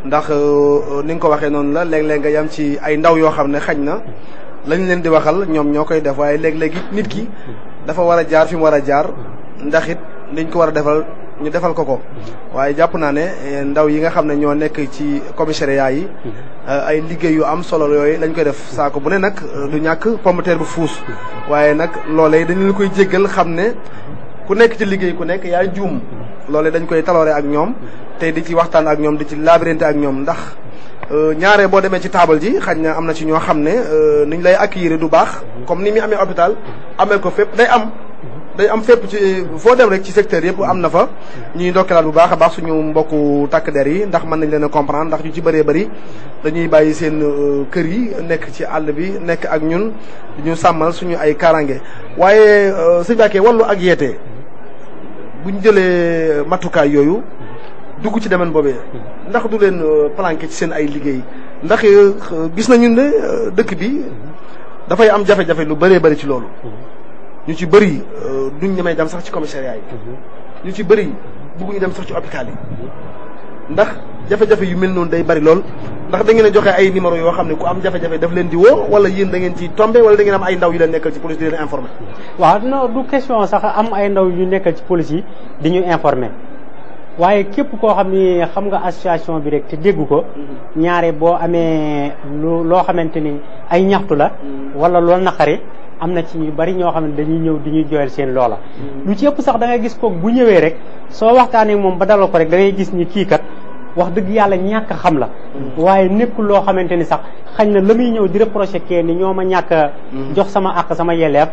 ndax euh, euh, ni nga ko waxee noonu la léeg-léeg nga yam ci ay ndaw yoo xam ne xañ na lañ leen di waxal ñoom ñoo koy def waaye léeg-léeg nit ki dafa war a jaar fi war a jaar ndax it liñ ko war a defal ñu defal ko ko waaye jàpp naa ne eh, ndaw yi nga xam ne ñoo nekk ci commissariat yi eh, ay liggéey yu am solo yooyu lañ koy def saako bu ne nag lu eh, ñàkk pomme de terre bu fuus waaye nag loolee dañu la koy jéggal xam ne ku nekk ci liggéey ku nekk yaay juum loole dañ koy taloore ak ñoom te di ci waxtaan ak ñoom di ci labirinte ak ñoom ndax euh, ñaare boo demee ci taabal ji xañ na am na ci ñoo xam ne euh, niñ lay accueillir du baax comme ni muy amee hôpital amee ko fépp day am day am fépp ci foo dem rek ci secteur yëpp am na fa ñuy ndokkeelaat bu baax a baax suñu mbokku takk der yi ndax mën nañ leen comprendre ndax ñu ci bare bëri dañuy bàyyi seen euh, kër yi nekk ci àll bi nekk ak ñun ñu sàmmal suñu ay karange waaye euh, sëñ Mbacke wàllu ak yeete buñ jëlee matukaay yooyu dugg ci demen boobee ndax du leen euh, planqué ci seen ay liggéey ndax gis nañu ne dëkk bi dafay am jafe-jafe lu bëree bëri ci loolu ñu ci bëri euh, duñ ñemee dem sax ci commissariat yi mhm. ñu ci bëri ñu dem sax ci hôpital yi mhm. ndax jafe-jafe yu mel noonu day bari lool ndax da ngeen joxe ay numéro yoo xam ne ku am jafe-jafe daf leen di woo wala yéen da ngeen ci tombé wala da ngeen am ay ndaw yu leen nekkal ci police di leen informé waaw non du question sax am ay ndaw yu nekkal ci police di ñu informé waaye képp koo xam ni xam nga association bi rek te ko mhm. ñaare boo amee loo xamante ni ay ñaxtu la wala loolu naqari am na ci ñu bari ñoo xam ne dañuy ñëw di ñuy jooyal seen loola lu ci ëpp sax dangay gis kook bu ñëwee rek soo waxtaanee moom ba dalal ko rek da ngay gis ni kii kat wax dëgg yàlla ñàkk xam la waaye nekkul loo xamante ni sax xañ na la muy ñëw di reproché kee ni ñoo ma ñàkk jox sama àq sama yelleef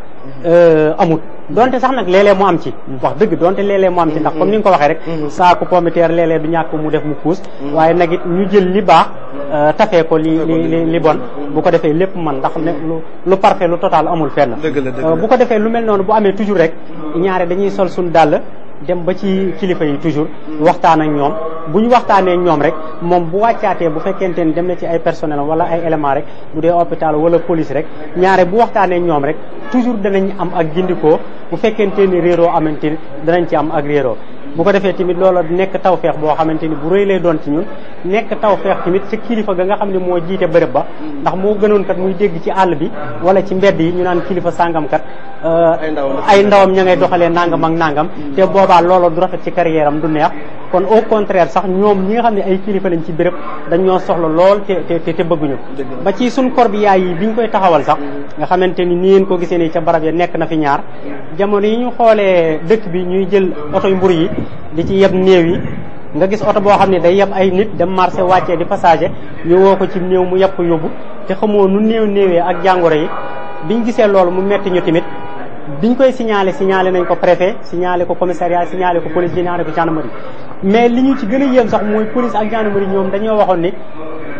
euh, amut donte sax nag léeg mu am ci wax dëgg donte léeg-léeg mu am ci ndax comme ni nga ko waxee rek saaku pomiteer léeg-léeg du ñàkk mu def mu puus waaye nag it ñu jël li baax euh, tafee ko li li li bon bu ko defee lépp man ndax ne lu lu parfait lu total amul fenn euh, bu ko defee lu mel noonu bu amee toujours rek ñaare dañuy sol suñ dàll dem ba ci kilifa yi toujours waxtaan ak ñoom bu ñu waxtaanee ñoom rek moom bu wàccaatee bu fekkente ni dem na ci ay personnel wala ay élément rek bu dee hôpital wala police rek ñaare bu waxtaanee ñoom rek toujours danañ am ak gindikoo bu fekkente ni réeroo amante danañ ci am ak réeroo bu ko defee tamit loola nekk tawfeex boo xamante ni bu rëy lay doon ci ñun nekk tawfeex tamit ci kilifa ga nga xam ne moo jiite bërëb ba hmm. ndax moo gënoon kat muy dégg ci àll bi wala ci mbedd yi ñu naan kilifa sàngam kat euh, ay ndawam ña ngay doxalee nangam ak nangam hmm. te boobaa loola du rafet ci carrière am du neex kon au contraire sax ñoom ñi nga xam ne ay kilifa lañ ci bërëb dañ ñoo soxla lool te te te bëgguñu ba ci suñ corbillard yi bi ñu koy taxawal sax hmm. nga xamante ni ni ngeen ko gisee nii ca barab ya nekk na fi ñaar jamono yi ñu xoolee dëkk bi ñuy jël oto yu mbur yi li ci yeb néew yi nga gis oto boo xam ne day yeb ay nit dem marché wàccee di passager ñu woo ko ci néew mu yepp yóbbu te xamoo nu néew néewee ak jàngoro yi bi ñu gisee loolu mu metti ñu tamit biñ koy signalé signalé nañ ko préfet siñaale ko commissariat signalé ko police signalé ko gendarmerie mais li ñu ci gën a yéem sax mooy police ak gendarmerie ñoom dañoo waxoon ni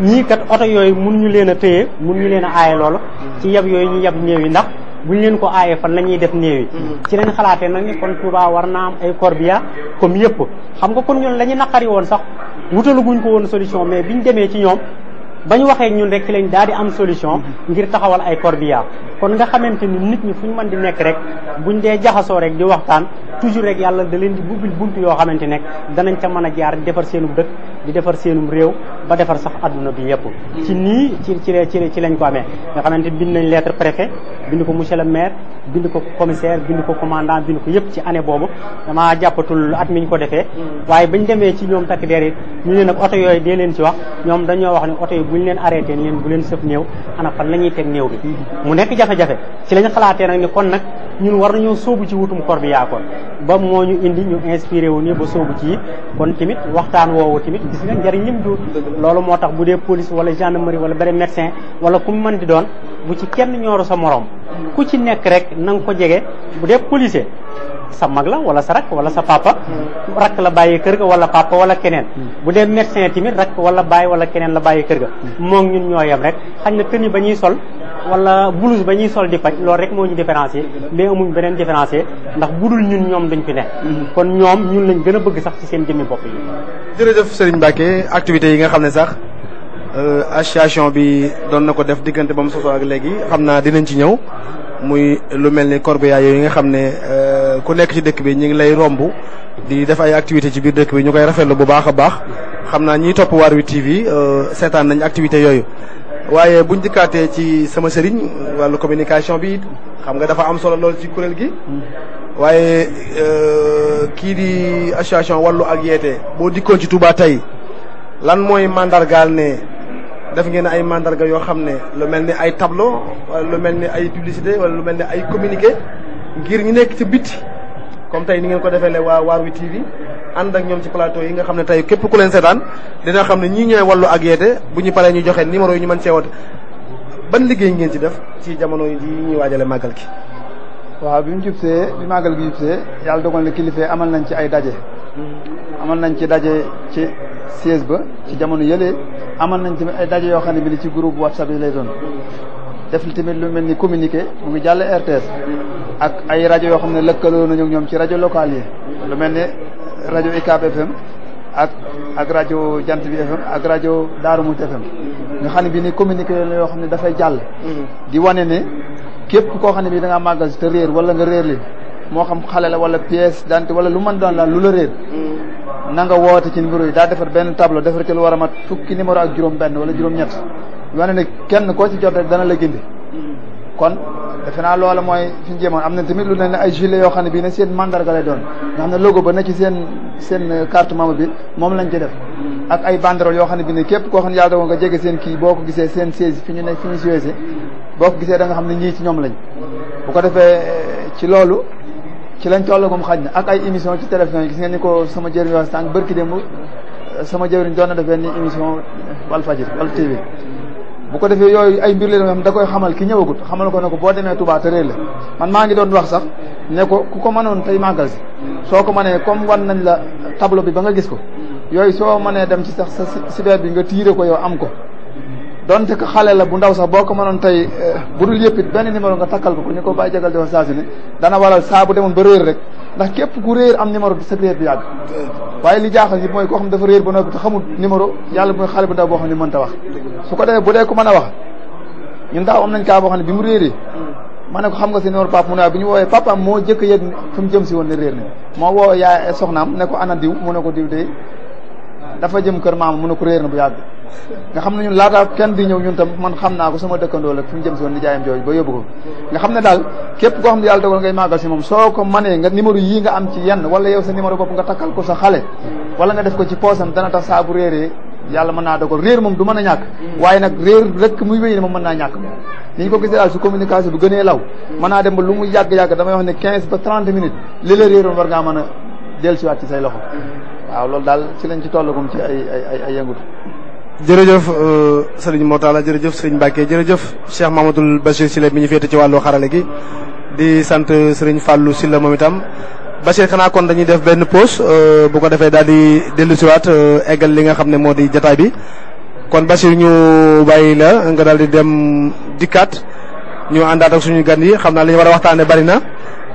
ñii kat oto yooyu mun ñu leen a téye mun ñu leen a aaye loolu ci yeb yooyu ñu yeb néew yi ndax bu ñu leen ko aayee fan la ñuy def néew yi mm-hmm. ci lañ xalaatee nag ni kon Touba war naa am ay corbia comme yëpp xam nga kon ñun la ñu naqari woon sax wutalu guñ ko woon solution mais bi ñu demee ci ñoom ba ñu waxee ñun rek ci lañ daal di am solution mm-hmm. ngir taxawal ay corbia kon nga xamante ni nit ñi fu ñu mën di nekk rek bu buñ dee jaxasoo rek di waxtaan toujours rek yàlla da leen di bubbil bunt yoo xamante ne danañ ca mën a jaar di defar seenum dëkk di defar seenum réew ba defar sax adduna bi yëpp ci nii ci ci lañ ko amee nga xamante bind nañ lettre préfet bind ko monsieur le maire bind ko commissaire bind ko commandant bind ko yëpp ci année boobu damaa jàppatul at mi ko defee mm. waaye bañ demee ci ñoom takk der ñu ne nag oto yooyu dee leen ci wax ñoom dañoo wax ne oto yi buñ leen arrêté leen bu leen sëf néew ana fan la ñuy teg néew bi mm-hmm. mu nekk jafe-jafe ci lañ xalaatee nag ni kon nag ñun war nañoo soobu ci wutum kor bi ba moo ñu indi ñu inspiré wu ba sóobu ci kon tamit waxtaan woowu tamit gis nga loolu moo tax bu dee police wala gendarmerie wala beneen médecin wala ku mu mën di doon bu ci kenn ñooru sa moroom ku ci nekk rek na nga ko jege bu dee policier sa mag la wala sa rakk wala sa papa rakk la bàyyi kër ga wala papa wala keneen bu dee médecin tamit rakk wala bàyyi wala keneen la bàyyi kër ga moom ñun ñoo yem rek xañ na tën yi ba ñuy sol wala blouse ba ñuy sol di faj loolu rek moo ñu différencier mais amuñ beneen différencier ndax budul ñun ñoom duñ fi ne mm-hmm. kon ñoom ñun lañ gën a bëgg sax ci seen jëmmi bopp yi jërëjëf Serigne Mbacké activités yi nga xam ne sax euh, association bi doon na ko def diggante ba mu sosoo ak léegi xam naa dinañ ci ñëw muy lu mel ni corbillard yi nga xam ne euh, ku nekk ci dëkk bi ñu ngi lay romb di def ay activité ci biir dëkk bi ñu koy rafetlu bu baax a baax xam naa ñiy topp Waarwi TV euh, seetaan nañ activité yooyu waaye bu njëkkaatee ci sama sëriñ wàllu communication bi xam nga dafa am solo lool ci kuréel gi waaye euh, kii di association wallu ak yeete boo dikkoon ci Touba tey lan mooy mandargaal ne def ngeen ay màndarga yoo xam ne lu mel ni ay tableau wala lu mel ni ay publicité wala lu mel ni ay communique ngir ñu nekk ci biti comme tey ni ngeen ko defee le waa Waarwi TV and ak ñoom ci plateau yi nga xam ne tey képp ku leen seetaan dina xam ne ñii ñooy wàllu ak yeete bu ñu paree ñu joxe numéro yi ñu man cee woote ban liggéey ngeen ci def ci jamono yi ñuy waajale màggal ki waaw bi mu jubsee bi màggal gi jubsee yàlla dogal na kilifa amal nañ ci ay daje. amal nañ ci daje ci siège ba ci jamono yële amal nañ ci ay daje yoo xam ne bi ni ci groupe whatsapp yi lay doon. def li tamit lu mel ni communiqué mu ngi jàll RTS ak ay rajo yoo xam ne lëkkaloo nañu ñoom ci rajo locale yi rajo UCAB FM ak ak rajo Jant bi FM ak rajo Darou Mouti FM nga xam ne bii ni communique la yoo xam ne dafay jàll. Mm-hmm. di wane ne képp koo xam ne bii da ngaa màggal si te réer wala nga réer li moo xam xale la wala pièce dante wala lu man daan laal lu la réer. Mm-hmm. na nga woote ci numéro yi daa defar benn tableau defar ci lu war a mat fukki numéro ak juróom-benn wala juróom-ñett wane ne kenn koo ci jot rek dana la gindi mm-hmm. kon. defe naa loola mooy fi ñu am na tamit lu ne ay gilet yoo xam ne bii ne seen mandarga lay doon nga xam ne logo ba na ci seen seen euh, carte bi moom lañ ci def ak ay banderole yoo xam ne bi ne képp koo xam ne yàlla dogal nga jege seen kii boo ko gisee seen fi ñu nekk fi ñu siège boo ko gisee danga nga xam ne ñii ci ñoom lañ bu ko defee euh, ci loolu ci lañ tollagum xaj na ak ay émission ci télévision yi gis ngeen ni ko sama jëriñ wax sànq bërki démb euh, sama jëriñ doon na def benn émission Walf Fadjri Walf TV bu ko defee yooyu ay mbir la da koy xamal ki ñëwagut xamal ko ne ko boo demee Touba te réer la man maa ngi doon wax sax ne ko ku ko mënoon tey màggal si soo ko manee comme wan nañ la tablo bi ba nga gis ko yooyu soo mënee dem ci sax sa sibeer bi nga tiire ko yow am ko donte ko xale la bu ndaw sax boo ko mënoon tey eh, bu dul yëpp it benn numéro nga takkal ko ko ñu ko bàyyi jagal di saa si ne dana waral saa bu demoon ba réer rek ndax képp ku réer am numéro sa réer du yàgg waaye li jaaxal si mooy koo xam dafa réer ba noppi te xamul numéro yàlla mooy xale bu ndaw boo xam ne mënta ko defee bu dee ku mën a wax ñun daaw am nañ kaa boo xam ne bi mu réeree ma ne ko xam nga si numéro papa mu ne bu ñu woowee papaam moo jëkk yëg fi mu jëm si woon ne réer na moo woo yaay soxnaam ne ko ana diw mu ne ko diw de dafa jëm kër maam mu ne ko réer na bu yàgg nga xam ne ñun laataa kenn di ñëw ñun tam man xam naa ko sama dëkkandoo la fi mu jëm si woon nijaayam jooju ba yóbbu ko nga xam ne daal képp ko xam ne yàlla dogal ko manee nga sa numéro xale wala nga def ko ci poosam dana tax saa bu réeree yàlla mën naa dogal réer moom du mën a ñàkk waaye nag réer rek muy wéy ne moom mën naa ñàkk moom ni ko gisee daal su communication bu gënee law mën naa dem ba lu mu yàgg-yàgg damay wax ne quinze ba trente minutes li la réeroon war ngaa mën waaw loolu daal ci lañ ci tollagum ci ay ay ay yëngutu jërëjëf euh, sëriñ la jërëjëf sëriñ Mbacke jërëjëf Cheikh Mahamadoul Bachir Sylla mi ñu féete ci wàllu xarale gi di sant euh, sëriñ Fallou Sylla moom itam Bachir xanaa kon dañuy def benn pause euh, bu ko defee daal di dellusiwaat eggal li nga xam ne moo di jataay bi kon Bachir ñu bàyyi la nga daal di dem dikkaat ñu àndaat ak suñu gan yi xam naa li war a waxtaanee bari na.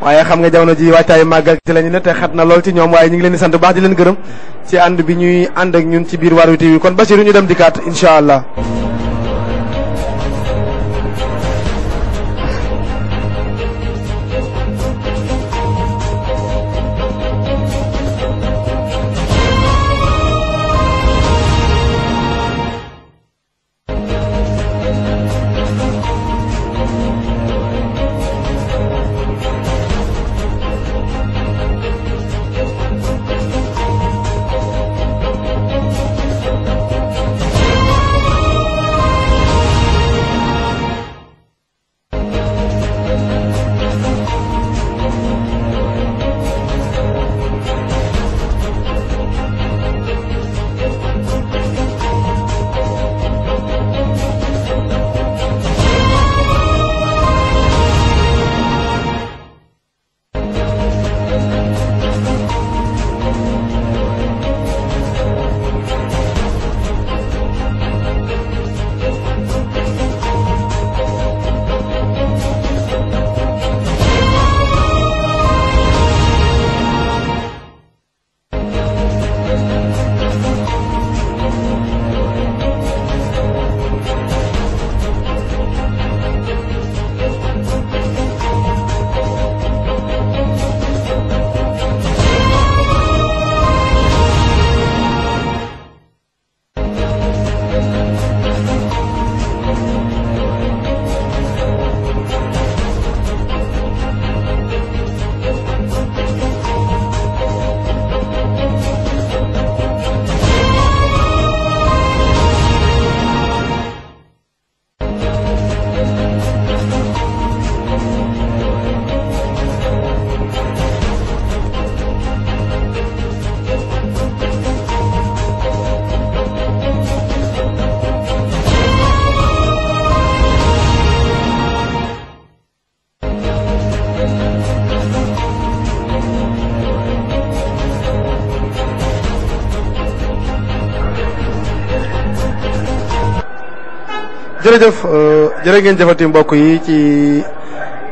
waaye xam nga jamono ji waajtaayu màggal ci lañu ne te xat na lool ci ñoom waaye ñu ngi leen sant baax di leen gërëm ci ànd bi ñuy ànd ak ñun ci biir Waarwi TV kon Basiru ñu dem dikkaat incha allah. jërëjëf euh, jërë ngeen jëfati mbokk yi ci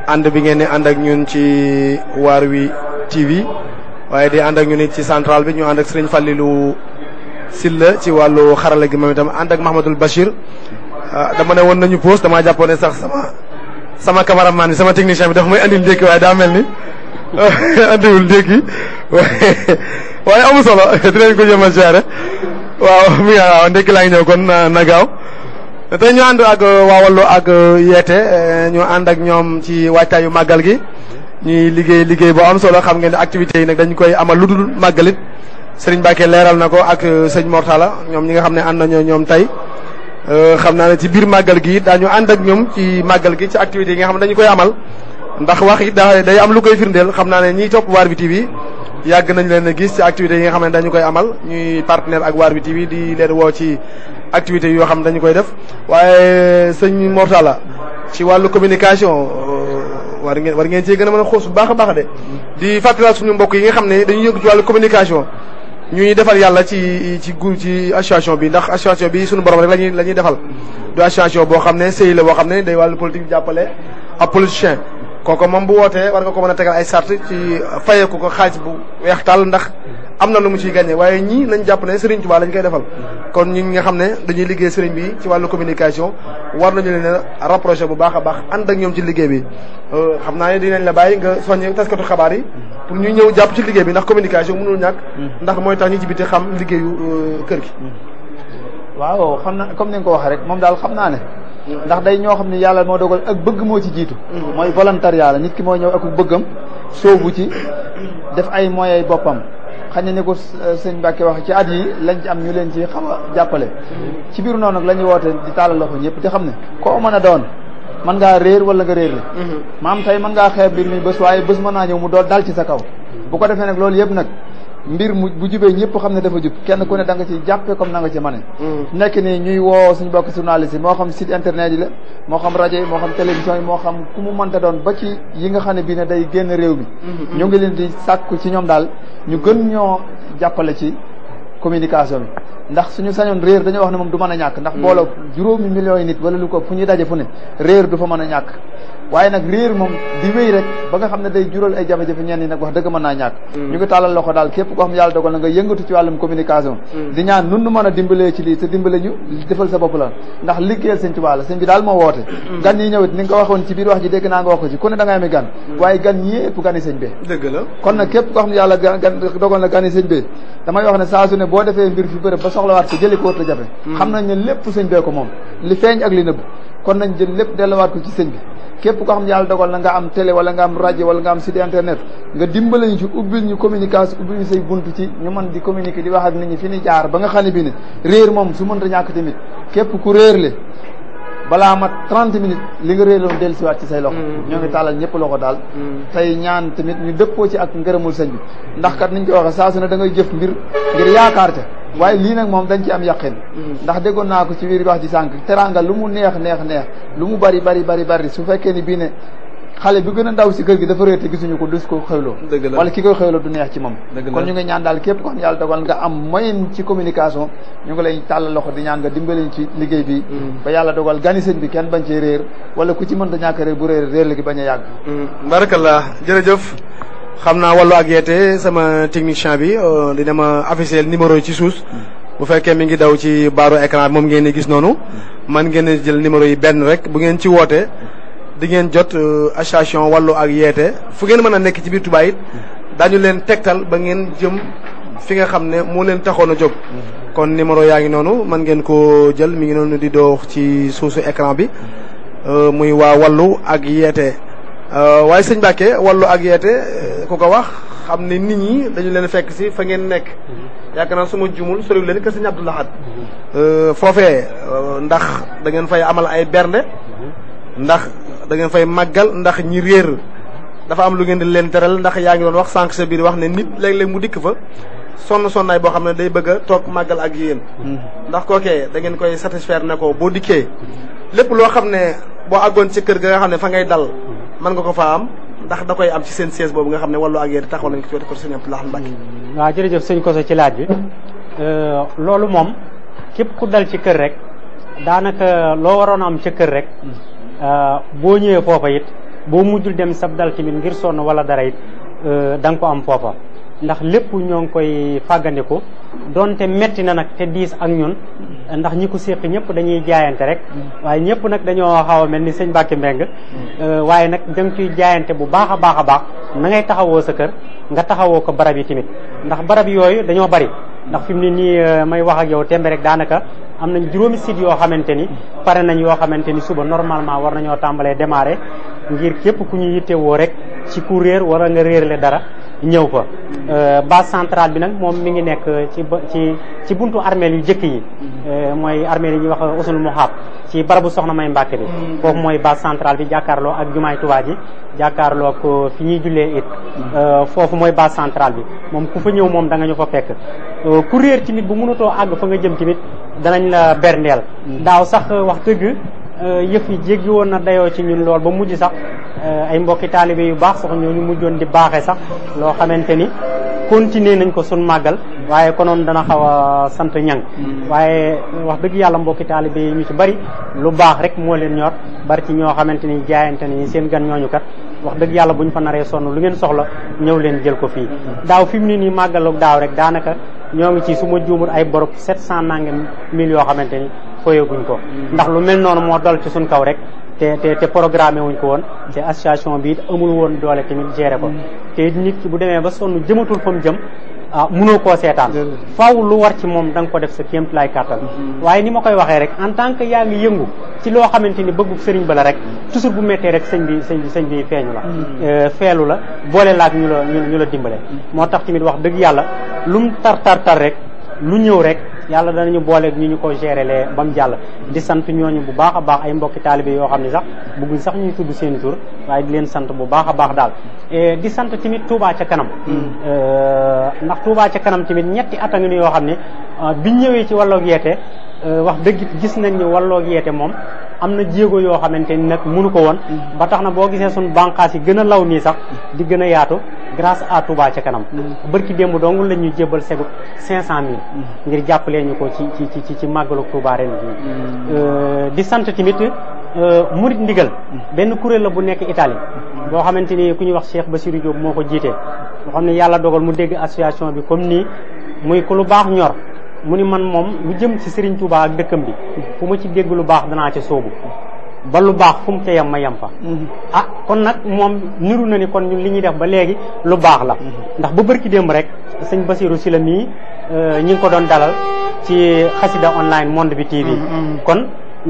ànd bi ngeen di ànd ak ñun ci waar wi TV waaye di ànd ak ñun ci central bi ñu ànd ak Serigne Silla ci wàllu xarala gi moom itam ànd ak Mahamadoul Bachir euh, dama ne woon nañu pause damaa jàppoon sax sama sama cameraman bi sama technicien bi dafa may andil ndékki waaye daa mel ni [laughs] andiwul ndékki [laughs] waaye amu solo [laughs] dinañ ko jëmal siyaare waaw mi nga waaw ndékki laa ngi ñëw kon na gaaw tey ñu ànd ak euh, waa ak euh, yeete euh, ñu ànd ak ñoom ci waajtaayu màggal gi ñuy liggéey liggéey boo am solo xam ngeen ne activité yi nag dañ koy amal lu dul màggalit sëriñ Mbacke leeral na ko ak sëñ Mortala ñoom ñi nga xam ne ànd nañoo ñoom tey xam naa ne ci biir màggal gi daañu ànd ak ñoom ci màggal gi ci activités yi nga xam ne dañu koy amal ndax wax it day am lu koy firndeel xam naa ne ñii topp Waarwi TV yàgg nañu leen a gis ci activités yi nga xam ne dañu koy amal ñuy partenaire ak waar wi TV di leen woo ci activité yoo xam ne dañu koy def waaye sëñ Mortala ci wàllu communication euh, war ngeen war ngeen cee gën a mën a xoos bu baax a baax de di fàttaliwaat suñu mbokk yi nga xam ne dañu yëngu ci wàllu communication ñuy defal yàlla ci ci gu ci association bi ndax association bi suñu borom rek lañuy la ñuy defal du association boo xam ne sëy la boo xam ne day wàllu politique jàppale ab kooko moom bu wootee war nga ko mën a tegal ay sart ci fayeku ko xaalis bu weex tàll ndax am na lu mu ci gagné waaye ñii nañ jàpp ne Serigne Touba lañ koy defal kon ñi nga xam ne dañuy liggéey Serigne bi ci wàllu communication war nañu leen a rapproché bu baax a baax ànd ak ñoom ci liggéey bi euh, xam naa ne dinañ la bàyyi nga soññ taskatu xabaar yi pour ñu ñëw jàpp ci liggéey bi ndax communication mënul ñàkk mm. ndax mooy tax ñu ci biti xam liggéeyu euh, kër gi waaw na comme ni nga ko waxee rek moom daal xam naa ne ndax day ñoo xam ne yàlla moo dogal ak bëgg moo ci jiitu mooy volontariat la nit ki mooy ñëw ak bëggam soobu ci def ay moyens boppam xañ na ni ko euh, sëñ Mbàkke wax ci at yi lañ ci am ñu leen ci xaw a jàppale ci biir noonu nag la ñuy woote di taalal loxo ñëpp di xam ne koo mën a doon mën ngaa réer wala nga réer la mm-hmm. maam tey mën ngaa xeeb mbir mi bés waaye bés mën naa ñëw mu dool dal ci sa kaw bu ko defee nag loolu yëpp nag mbir mu bu jubee ñëpp xam ne dafa jub kenn ku ne da nga ci jàppe comme nanga nga ci mane mm. nekk nii ñuy woo suñu su journaliste si moo xam site internet yi la moo xam rajo yi moo xam télévision yi moo xam ku mu mënta doon ba ci yi nga xam ne bii ne day génn réew mi mm-hmm. ñu ngi leen di sàkku ci ñoom daal ñu gën ñoo jàppale ci communication bi ndax suñu sañoon réer dañoo wax ne moom du mën a ñàkk ndax booloo hmm. juróomi millions yi nit wala lu ko fu ñuy daje fu ne réer du fa mën a ñàkk waaye nag réer moom di wéy rek ba nga xam ne day jural ay jafe-jafe ñenn hmm. hmm. sa bopp la ndax liggéeyal sëñ la sëñ ne da ami gan waaye gan ñépp gani sëñ bi kon nag képp koo yàlla dogal na gani sëñ bi damay wax ne saa su ne boo defee mbir fi bërëb soxlawaat ko jëli ko wër ta jafe hmm. xam nañ ne lépp sëñ bee ko moom li feeñ ak li nëbb kon nañ jël lépp delluwaat ko ci sëñ bi képp koo xam yàlla dogal na nga am télé wala nga am rajo wala nga am site internet nga dimbale ñu ci ubbil ñu communication ubbil ñu say bunt ci ñu mën di communiquer di wax ak nit ñi fi ni jaar ba nga xam ne bii ne réer moom su mënta ñàkk tamit képp ku réer le balaa mat trente minutes li nga réeroon dellusiwaat ci say loxo mm. ñoo ngi tàllal ñëpp loxo daal mm. tey ñaan tamit ñu dëppoo ci ak ngërëmul sëñ bi ndax kat niñ ko waxee saa su ne dangay jëf mbir ngir yaakaar ca waaye lii nag moom dañ ci am yàqin mm. ndax déggoon naa ko ci biir wax ci sànq teranga lu mu neex neex neex lu mu bari bari bari bari su fekkee ni bii ne xale bi gën a ndaw si kër gi dafa réete gisuñu ko dus ko xewloo wala ki koy xewloo du neex ci moom kon ñu ngi ñaan daal képp kon yàlla dogal nga am moyen ci communication ñu ngi lay tàll loxo di ñaan nga dimbaliñ ci liggéey bi mm. ba yàlla dogal gani sëñ bi kenn bañ cee réer wala ku ci mën da ñàkk réer bu réer réer la gi bañ a yàgg mm. barakallah jërëjëf xam naa wàllu ak yeete sama technicien bi euh, dina ma officiel numéro yi ci suuf mm. bu fekkee mi ngi daw ci baaru écran moom ngeen di gis noonu man ngeen jël numéro yi benn rek bu ngeen ci woote di ngeen jot euh, achation wàllu ak yeete fu ngeen mën a nekk ci biir Touba it dañu leen tegtal ba ngeen jëm fi nga xam ne moo leen taxoon a jóg. kon numéro yaa ngi noonu man ngeen koo jël mi ngi noonu di doox ci suusu écran bi euh, muy waa wallu ak yeete. Euh, waaye sëñ Mbacke wàllu ak yeete ku ko wax xam ne nit ñi dañu leen fekk si fa ngeen nekk. yaakaar naa su ma jumul soriwul leen kër sëñ Abdou Lahad. foofee ndax da ngeen fay amal ay bernde. ndax. da ngeen fay màggal ndax ñi réer dafa am lu ngeen di leen teral ndax yaa ngi doon wax sànq sa biir wax ne nit léeg-léeg mu dikk fa sonn sonnaay boo xam ne day bëgg toog màggal ak yéen. Mm-hmm. ndax kookee dangeen koy satisfaire ne ko boo dikkee lépp loo xam ne boo aggoon ci kër ga nga xam ne fa ngay dal mën nga ko fa am ndax da koy am ci seen siège boobu nga xam ne wàllu ak yéen taxaw nañ ko ci wetu ko sëñ Abdoulaye Mbacke. Mm-hmm. waaw jërëjëf sëñ Koso ci laaj bi euh, loolu moom képp ku dal ci kër rek daanaka loo waroon am ci kër rek mm-hmm. Euh, boo ñëwee foofa it boo mujjul dem sab dal tamit ngir sonn wala dara it euh, da ko am foofa ndax lépp ñoo ngi koy fàggandiku donte metti na nag te diis ak ñun ndax ñi ko séq ñëpp dañuy jaayante rek waaye ñëpp nag dañoo xaw a mel ni sëñ Mbàkke Mbeng euh, waaye nag da koy jaayante bu baax a baax a baax na ngay taxawoo sa kër nga taxawoo ko barab yi tamit ndax barab yooyu dañoo bari ndax fi mu ne nii euh, may wax ak yow tembe rek daanaka am nañ juróomi site yoo xamante ni pare nañ yoo xamante ni suba normalement war nañoo tàmbalee démarrer ngir képp ku ñu yittewoo rek ci ku réer wala nga réerle dara ñëw fa euh, base centrale bi nag moom mi ngi nekk ci ci ci buntu armeel yu jëkk yi euh, mooy armeel yi ñuy wax usul muhaab ci barabu soxna may Mbàkke bi mm-hmm. foofu mooy base centrale bi jàkkaarloo ak jumaay Tuubaa ji jàkkaarloo ko euh, fi ñuy jullee it mm-hmm. foofu mooy base centrale bi moom ku fa ñëw moom da nga ñu fa fekk ku réer tamit bu mënatoo àgg fa nga jëm tamit danañ la berndeel mm-hmm. daaw sax wax dëgg Euh, yëf yi jéggi woon na dayoo ci ñun lool ba mujj sax euh, ay mbokki taalibe yu baax sax ñu mujjoon di baaxee sax loo xamante ni continuer nañ ko sun màggal waaye konoon dana xaw a sant ñang hmm. waaye wax dëgg yàlla mbokki taalibe yi ñu ci bari lu baax rek moo leen ñor bari ci ñoo xamante ni jaayante ni seen gan ñooñu kat wax dëgg yàlla bu ñu fa naree sonn lu ngeen soxla ñëw leen jël ko fii hmm. daaw fi mu nii màggalu daaw rek daanaka ñoo ngi ci su ma juumul ay borop 700 nangam mille yoo xamante ni foyeguñ ko ndax lu mel noonu moo dal ci suñ kaw rek te te te programmé wuñ ko woon te association bi it amul woon doole tamit géré ko te it nit ki bu demee ba sonn jëmatul fa jëm ah mënoo koo seetaan faw lu war ci moom danga ko def sa kéemtu lay kàttan mm-hmm. waaye ni ma koy waxee rek en tant que yaa ngi yëngu ci loo xamante ni bëggu sëriñ ba la rek toujours bu méttee rek sëñ bi sëñ bi sëñ bi feeñu la mm-hmm. euh, feelu la boole laak ñu la ñu la dimbale mm-hmm. moo tax tamit wax dëgg yàlla lu mu tar rek lu ñëw rek yàlla danañu booleek ñu ñu ko gérélee ba mu jàll di sant ñooñu bu baax a baax ay mbokki taalibe yoo xam ne sax bëgguñ sax ñu tudd seen tur waaye di leen sant bu baax a baax daal e, di sant tamit Touba ca kanam hmm. e, ndax Touba ca kanam tamit ñetti at a ngi ni yoo xam ne e, biñ ñëwee ci wàllu yeete wax dëgg gis nañ ni wàllu yeete moom am na jéego yoo xamante ni nag munu ko woon hmm. ba tax na boo gisee suñu bànqaas yi gën a law nii sax di gën a yaatu grace à Touba ca kanam mm. bërki démb dong la ñu jébal segu cinq cent mille mm. ngir jàppalee ñu ko ci ci ci ci màggalu Touba ren bi mm. euh, di sant tamit euh, murit ndigal benn kuréel la bu nekk Italie boo xamante ni ku ñuy wax Cheikh Bassirou Diop moo ko jiite boo xam ne yàlla dogal mu dégg association bi comme nii muy ku lu baax ñor mu ni man moom lu jëm ci Serigne Touba ak dëkkam bi fu ma ci dégg lu baax danaa ci soobu ba lu baax fu mu ca yem ma yem mhm. ah kon nag moom niru na ni kon ñun li ñuy def ba léegi lu baax la mhm. ndax bu bërki démb rek sëñ Basiru si la mii euh, ñi ngi ko doon dalal ci xasida online monde bi TV mhm, kon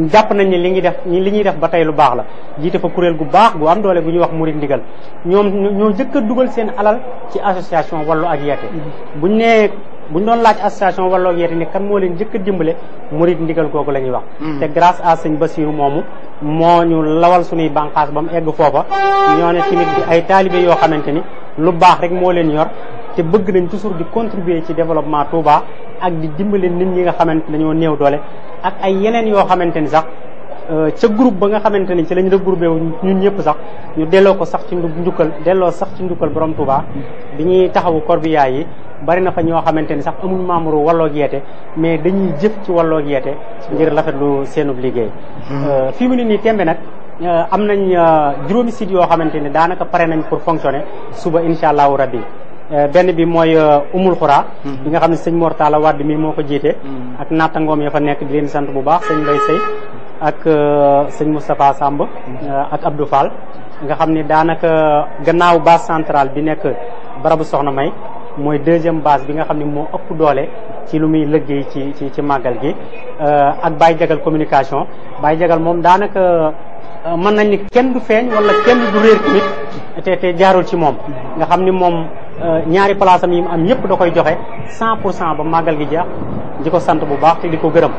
jàpp nañ ne li ngi def li ñuy def ba tey lu baax la jiite fa kuréel gu baax gu am doole gu ñuy wax murid ndigal ñoom ñoo jëkk a dugal seen alal ci association wallu ak bu buñ nee buñ doon laaj association wallu ak yeete ne kan moo leen jëkk a dimbale murid ndigal googu la ñuy wax te à sëñ Basiru moomu moo ñu lawal suñuy bànqaas ba mu egg foofa ñoo ne tamit bi ay taalibe yoo xamante ni lu baax rek moo leen yor te bëgg nañ toujours di contribuer ci développement Touba ak di dimbale nit ñi nga xamante dañoo néew doole ak ay yeneen yoo xamante ni sax euh, ca groupe ba nga xamante ni ci lañ regroupé wu ñun ñëpp sax ñu delloo ko sax ci njukkal delloo sax ci njukkal borom Touba bi ñuy taxawu corbillard yi bari na fa ñoo xamante ni sax amuñ membre walloog yeete mais dañuy jëf ci walloog yeete ngir rafetlu seenub liggéey mhm. euh, fii mu ne nii tembe nag euh, am nañ euh, juróomi site yoo xamante ni daanaka pare nañ pour fonctionner suba incha allahu rabbi benn bi mooy umul xuraa mhm. bi nga xam ne sëñ Mor Talla Wade mii moo ko jiite mhm. ak nattangoom ya fa nekk di leen sant bu baax sëñ Mbaye Sey ak sëñ Moustapha Samb ak Abdou Fall nga xam ne daanaka gannaaw base centrale bi nekk barabu soxna May mooy deuxième base bi nga xam ne moo ëpp doole ci lu muy liggéey ci ci ci màggal gi euh, ak Baye Jagal communication Baye Jagal moom daanaka euh, mën nañ ni kenn du feeñ wala kenn du réer tamit te te jaarul ci moom nga xam ni moom euh, ñaari place am yi mu am ñëpp da koy joxe cent cent ba màggal gi jeex di ko sant bu baax te di ko gërëm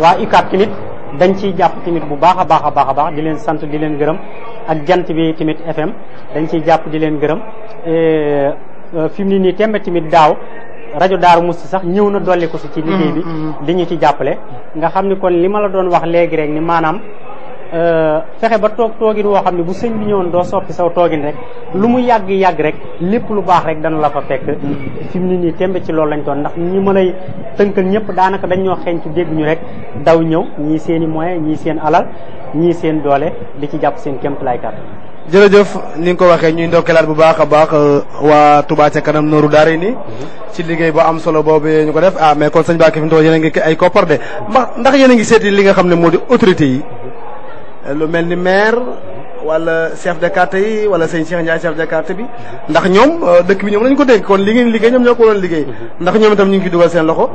waa UCAB tamit dañ ciy jàpp tamit bu baax a baax a baax a baax di leen sant di leen gërëm ak jant bi tamit FM dañ ciy jàpp di leen gërëm Euh, fi mu ne nii tembe tamit daaw rajo Daaru Musti sax ñëw na dolli ko si ci liggéey bi mm-hmm, mm-hmm. di ñu ci jàppale nga xam ni kon li ma la doon wax léegi rek ni maanaam euh, fexe ba toog toogin woo xam ne bu sëñ bi ñëwoon doo soppi saw toogin rek lu mu yàgg-yàgg rek lépp lu baax rek dana la fa fekk mm-hmm. fi mu ne nii tembe ci loolu lañ toon ndax ñi ma lay tënkal ñëpp daanaka dañ ñoo xeeñ ci ñu rek daw ñëw ñii seeni i moyen ñii seen alal ñii seen doole di ci jàpp seen kéemtalaay kàddu jërëjëf ni nga ko waxee ñuy ndokkelaat bu baax a baax euh, waa tubaat ca kanam nooru daare ni mhm. ci liggéey boo am solo boobu ñu ko def ah mais kon sëñ Mbacke fi mu toll yéen ay koppar de ndax yéen a ngi seeti li nga xam ne moo di autorité yi lu mel ni maire wala chef de quartier yi wala sëñ Cheikh Ndiaye chef de quartier bi ndax ñoom euh, dëkk bi ñoom lañ ko dénk kon li ngeen liggéey ñoom ñoo ko waroon liggéey mhm. ndax ñoom itam ñu ngi ci dugal seen loxo.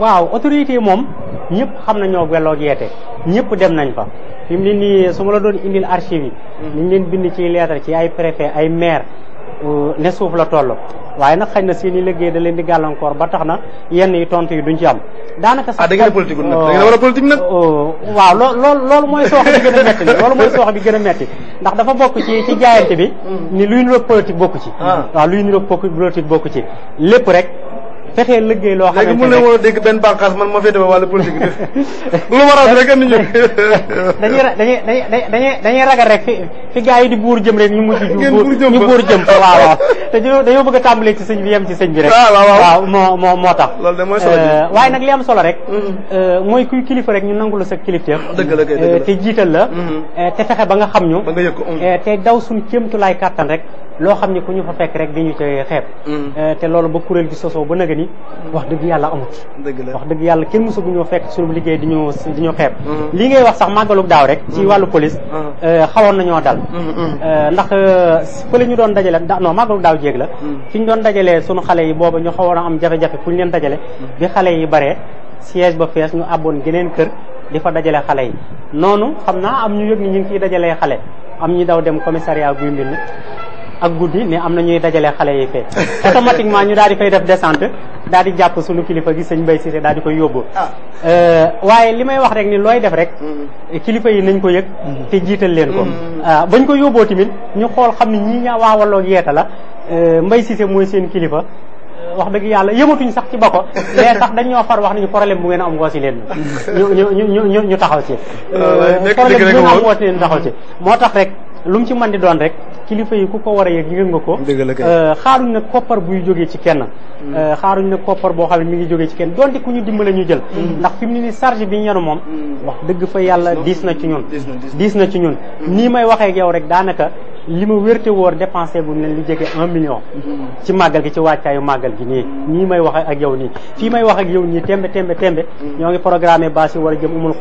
waaw autorité moom ñëpp xam nañoo welloo yeete ñëpp dem nañ fa fi mu nii su ma la doon indil archive yi mm. ni leen bind ci lettre ci ay préfet ay maire euh, ne suuf la toll waaye na xëy na seen i liggéey da leen di gàllankoor ba tax na yenn i tontu yi duñ ci daanaka sax ah, da ngeen politique nag da ngeen war a politique nag euh, euh, waaw loo loolu loolu mooy sooxa [laughs] bi gën a metti ndax dafa bokk ci ci jaayante bi mm. ni luy niroog politique bokk ci ah. waaw luy niroog politique bokk ci lépp rek fexee liggéey loo xamante ne mu ne woon a dégg benn bànqaas man ma féete ba wàllu politique [laughs] lu ma raadu rek andi ñu [laughs] dañuy dañuy dañuy dañuy ragal rek fi fi gars yi di buur jëm rek ñu mujj ñu buur jëm [laughs] waaw waaw te dañoo bëgg a tàmbalee ci sëñ bi yem ci sëñ bi rek ah, waaw moo moo moo tax euh, waaye nag li am solo rek mm-hmm. euh, mooy kuy kilifa rek ñu nangu la sa kilifteef euh, te jiital la mm-hmm. te fexe ba nga xam ñu mm. te daw suñ kéemtulaay kàttan rek loo xam ni ku ñu fa fekk rek di ñu koy xeeb mm. eh, te loolu ba kuréel gi sosoo ba nëga ni wax dëgg yàlla amut wax dëgg yàlla kenn mosu bu ñu fekk suñu liggéey di ñu di ñu xeeb mm. lii ngay wax sax màggalug daaw rek ci mm. wàllu police eh, xawoon na nañoo dal eh, ndax fële ñu doon dajale da non màggalug daaw jeeg la fi ñu doon dajalee suñu xale yi booba ñu xawoon a am jafe-jafe fu ñu leen dajale bi xale yi baree siège ba fees ñu àbboon geneen kër di fa dajale xale yi noonu xam naa am ñu dajalee xale am ñu daw dem commissariat guy mbind ak guddi ni am na ñuy dajale xale yi fee [laughs] automatiquement ñu daal di fay def descente daal di jàpp suñu kilifa gis sëñ mbay Cissé daal di koy yóbbu ah. euh, waaye li may wax rek ni looy def rek mm-hmm. kilifa yi nañ ko yëg mm-hmm. te jiital leen ko mm-hmm. ah, bañ ko yóbboo tamit ñu xool xam ne ñii ñaa waa Waalo yeeta la euh, Mbaye Cissé mooy seen kilifa euh, wax dëgg yàlla yëmatuñ sax ci ba ko [laughs] mais sax dañ ñoo far wax nañu problème bu ngeen am woosi leen ñu ñu ñu ñu taxaw ci ah, problème bu ngeen am woosi leen taxaw ci moo tax rek lu mu ci mën di doon rek kilifa yi ku ko war a yëg yëg nga ko euh, xaaruñ nag koppar buy jógee ci kenn mm. euh, xaaruñ nag koppar boo xam ne mi ngi jógee ci kenn donte ku ñu dimbale ñu jël mm. ndax fi mu ne charge bi ñu yenu moom mm. wax dëgg fa yàlla diis na ci ñun diis na ci ñun nii may waxee ak yow rek daanaka li ma wérte woor dépensé guñ leen lu jege un million ci màggal gi ci wàccaayu màggal gi nii nii may wax ak yow nii fii may wax ak yow nii tembe tembe tembe ñoo ngi programmé bâche yi war a jëm umul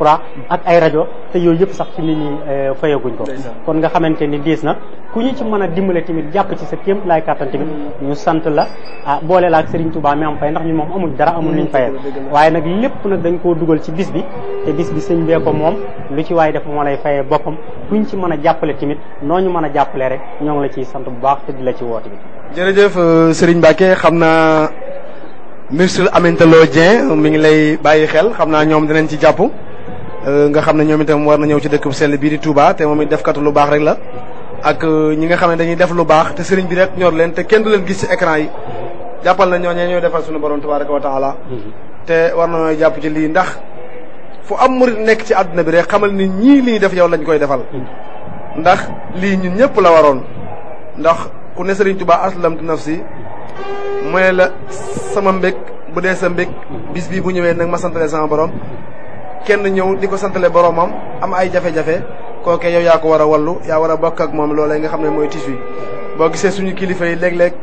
ak ay rajo te yooyu yëpp sax fi mu ne euh, ko ku ñu ci mën a dimbale tamit jàpp ci sa kéem laay kàttan tamit ñu sant la ah boole la ak Serigne Touba mi am fay ndax ñu moom amuñ dara amuñ luñ fayal waaye nag lépp nag dañ koo dugal ci bis bi te bis bi sëñ bee ko moom lu ci waaye def moo lay fayee boppam ñu ci mën a jàppale tamit noo ñu mën a jàppale rek ñoom la ciy sant bu baax te di la ci woo tamit. jërëjëf euh, sëriñ Mbacke xam naa ministre Aminata Lo Dieng mi ngi lay bàyyi xel xam naa ñoom dinañ ci jàpp euh, nga xam ne ñoom itam war na ñëw ci dëkk bu sell bii di Touba te moom it lu baax rek la ak euh, ñi nga xam ne dañuy def lu baax te sëriñ bi rek ñor leen te kenn du leen gis ci écran yi jàppal na ñooñee ñooy defal suñu borom tabaraka wa taala mm-hmm. te war na jàpp ci lii ndax fu am murit nekk ci àdduna bi rek xamal ni ñii li ñu def yow lañ koy defal mm-hmm. ndax lii ñun ñëpp la waroon ndax ku ne sëriñ Tuubaa aslamtu nafsi mu ne la sama mbég bu dee sa mbég mm-hmm. bis bii bu ñëwee nag ma santale sama borom kenn ñëw di ko santale boromam am ay jafe kookee yow yaa ko war a wallu yaa war a bokk ak moom loolee nga xam ne mooy tis wi boo gisee suñu kilifa yi léeg-léeg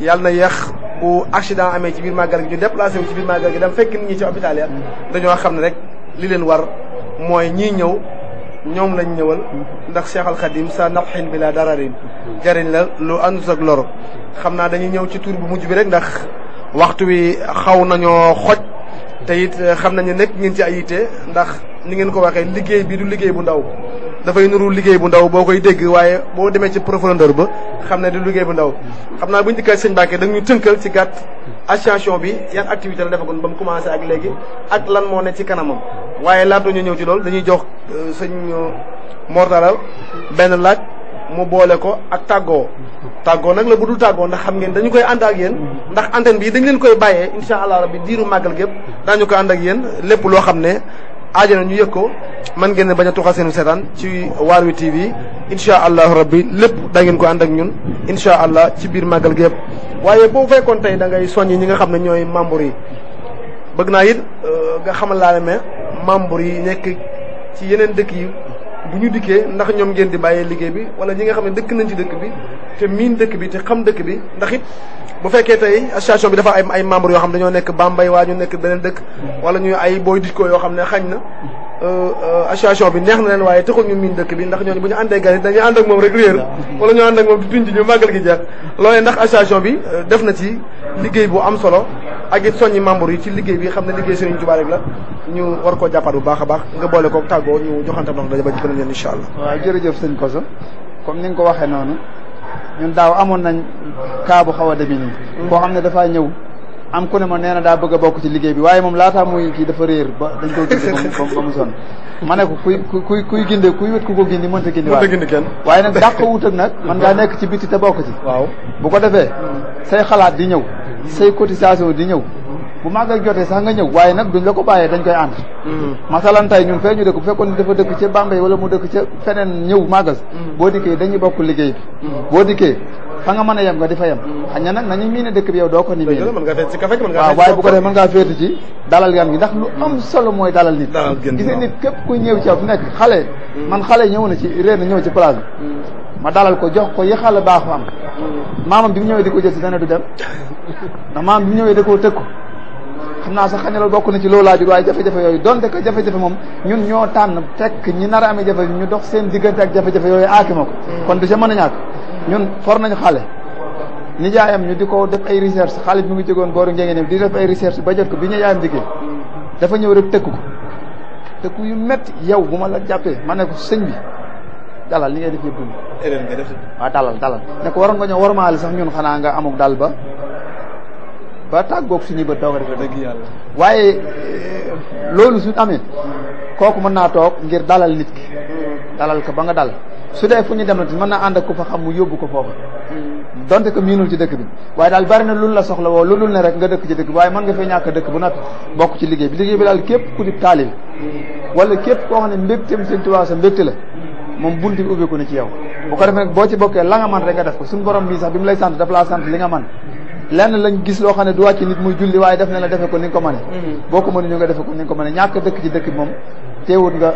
yàlla na yéex bu accident amee ci biir màggal gi ñu déplacé wu ci biir màggal gi dem fekk nit ñi ci hôpital ya dañoo xam ne rek li leen war mooy ñii ñëw ñoom lañ ñëwal ndax Cheikh Al Khadim sa nafxin bi la dararin jariñ la lu àndut ak loro xam naa dañuy ñëw ci tuur bu mujj bi rek ndax waxtu wi xaw nañoo xoj te it eh, xam nañu nekk ngeen ci ay ndax ni ngeen ko waxee liggéey bi du liggéey bu ndaw dafay nuru liggéey bu ndaw boo koy dégg waaye boo demee ci profondeur ba xam ne di liggéey bu ndaw xam naa bu ñu dikkee sëñ danga dañu tënkal ci gàtt association bi yan activité la defagoon ba mu commencé ak léegi ak lan moo ne ci kanamam waaye laata ñu ñëw ci loolu dañuy jox euh, sëñ euh, Mortala benn laaj mu boole ko ak tàggoo tàggoo nag la bu dul tàggoo ndax xam ngeen dañu koy ànd ak yéen ndax antenne bi dañ leen koy bàyyee incha allah rabbi diiru màggal gépp daañu ko ànd ak yéen lépp loo xam ne aajo na ñu yëg ko man ngeen ne bañ a tuxal seenu seetaan ci waar wi TV incha allahu rabbi lépp da ngeen ko ànd ak ñun incha allah ci biir màggal gi waaye boo fekkoon tey da ngay soññi ñi nga xam ne ñooy membre yi bëgg naa it euh, nga xamal laa ne membre yi nekk ci yeneen dëkk yi bu ñu dikkee ndax ñoom ngeen di bàyyee liggéey bi wala ñi nga xam ne dëkk nañ ci dëkk bi. te miin dëkk bi te xam dëkk bi ndax it bu fekkee tey association bi dafa ay ay membres yoo xam ne dañoo nekk Bambey waa ñu nekk beneen dëkk. wala ñuy ay booy dikkoo yoo xam ne xañ na euh, euh, association bi neex na leen waaye taxul ñu miin dëkk bi ndax ñooñu ñu àndee gan yi dañuy ñu ànd gi jeex. loolee ndax association bi euh, def na ci liggéey bu am solo ak it soññi membres yi ci liggéey bi xam ne liggéey Serigne Touba rek la ñu war koo jàppaat bu baax a baax nga boole ko tàggoo ñu joxante ndox daje ba ci beneen yoon incha allah. waaw jërëjëf sëñ Koso comme ni nga ko waxee noonu ñun daaw amoon nañ cas bu xaw a demee nii. koo xam ne dafaa ñëw am ku ne ma nee na daa bëgg a bokk ci liggéey bi waaye moom laataa muy kii dafa réer ba dañ koo gindi ba mu sonn ma ne ko kuy kuy kuy kuy wét ku ko gindi mënta gindi waaye gindi kenn waaye nag dàq wut ak nag man ngaa nekk ci biti te bokk ci waaw bu ko defee say xalaat di ñëw say cotisation di ñëw bu màggal jotee sax nga ñëw waaye nag duñ la ko bàyyee dañ koy ànd mm-hmm. masalan tey ñun fee ñu dëkk bu fekkoon dafa dëkk ca Bambey wala mu dëkk ca feneen ñëw màggal mm-hmm. boo dikkee dañuy bokk liggéey mm-hmm. boo dikkee fa nga mën a yem nga di fa yem xañ na nag nañu miine dëkk bi yow doo ko ni miine waaw waaye bu ko def mën ngaa féeti ci dalal gan ndax lu am solo mooy dalal nit gis nga nit képp ku ñëw ci yow nekk xale man xale ñëw na ci réer na ñëw ci place bi ma dalal ko jox ko yi xale baaxu am maamam bi mu ñëwee di ko jël si dana du dem [laughs] ndax maamam bi ñëwee da koo tëkku xam naa sax xëy na bokk na ci loolu laajul waaye jafe-jafe yooyu donte que jafe-jafe ñun ñoo tànn tekk ñi nar a amee jafe ñu dox seen diggante ak jafe-jafe yooyu aakima ko mm. kon du ca mën a ñàkk ñun for nañu xale nijaayam ñu di ko def ay recherche xale bi mu ngi jógoon booru njëngéen di def ay recherche ba jot bi nijaayam dikkee dafa ñëw rek tëkku ko tëkku yu métti yow bu ma la jàppee ma ne ko sëñ bi dalal li ngay def yëpp dund. erreur nga def waaw dalal dalal ne ko waroon nga ñëw warmaali sax ñun xanaa nga amuk dal ba ba tàggoog suñuy bët doog a def dëgg yàlla waaye eh, loolu su amee kooku man naa toog ngir dalal nit ki dalal ko ba nga dal su dee fu ñu dem mën naa ànd ak ku fa xam mu yóbbu ko foofu donte ko miinul ci dëkk bi waaye daal bari na la soxla woo lu dul ne rek nga dëkk ci dëkk bi waaye mën nga fee ñàkk dëkk bu noppi bokk ci liggéey bi liggéey bi daal képp ku di taalil wala képp koo xam ne mbégteem seen tubaab sa mbégte la moom bunt bi ubbeeku na ci yow bu ko defee nag la nga man rek nga def ko sant daf laa lenn lañ gis loo xam ne du wàcc nit muy julli waaye def na la defe ko ni nga ko mëne mm. boo ko mënee ñu nga defe ko ni nga ko mëne ñàkk dëkk ci dëkk bi moom teewut nga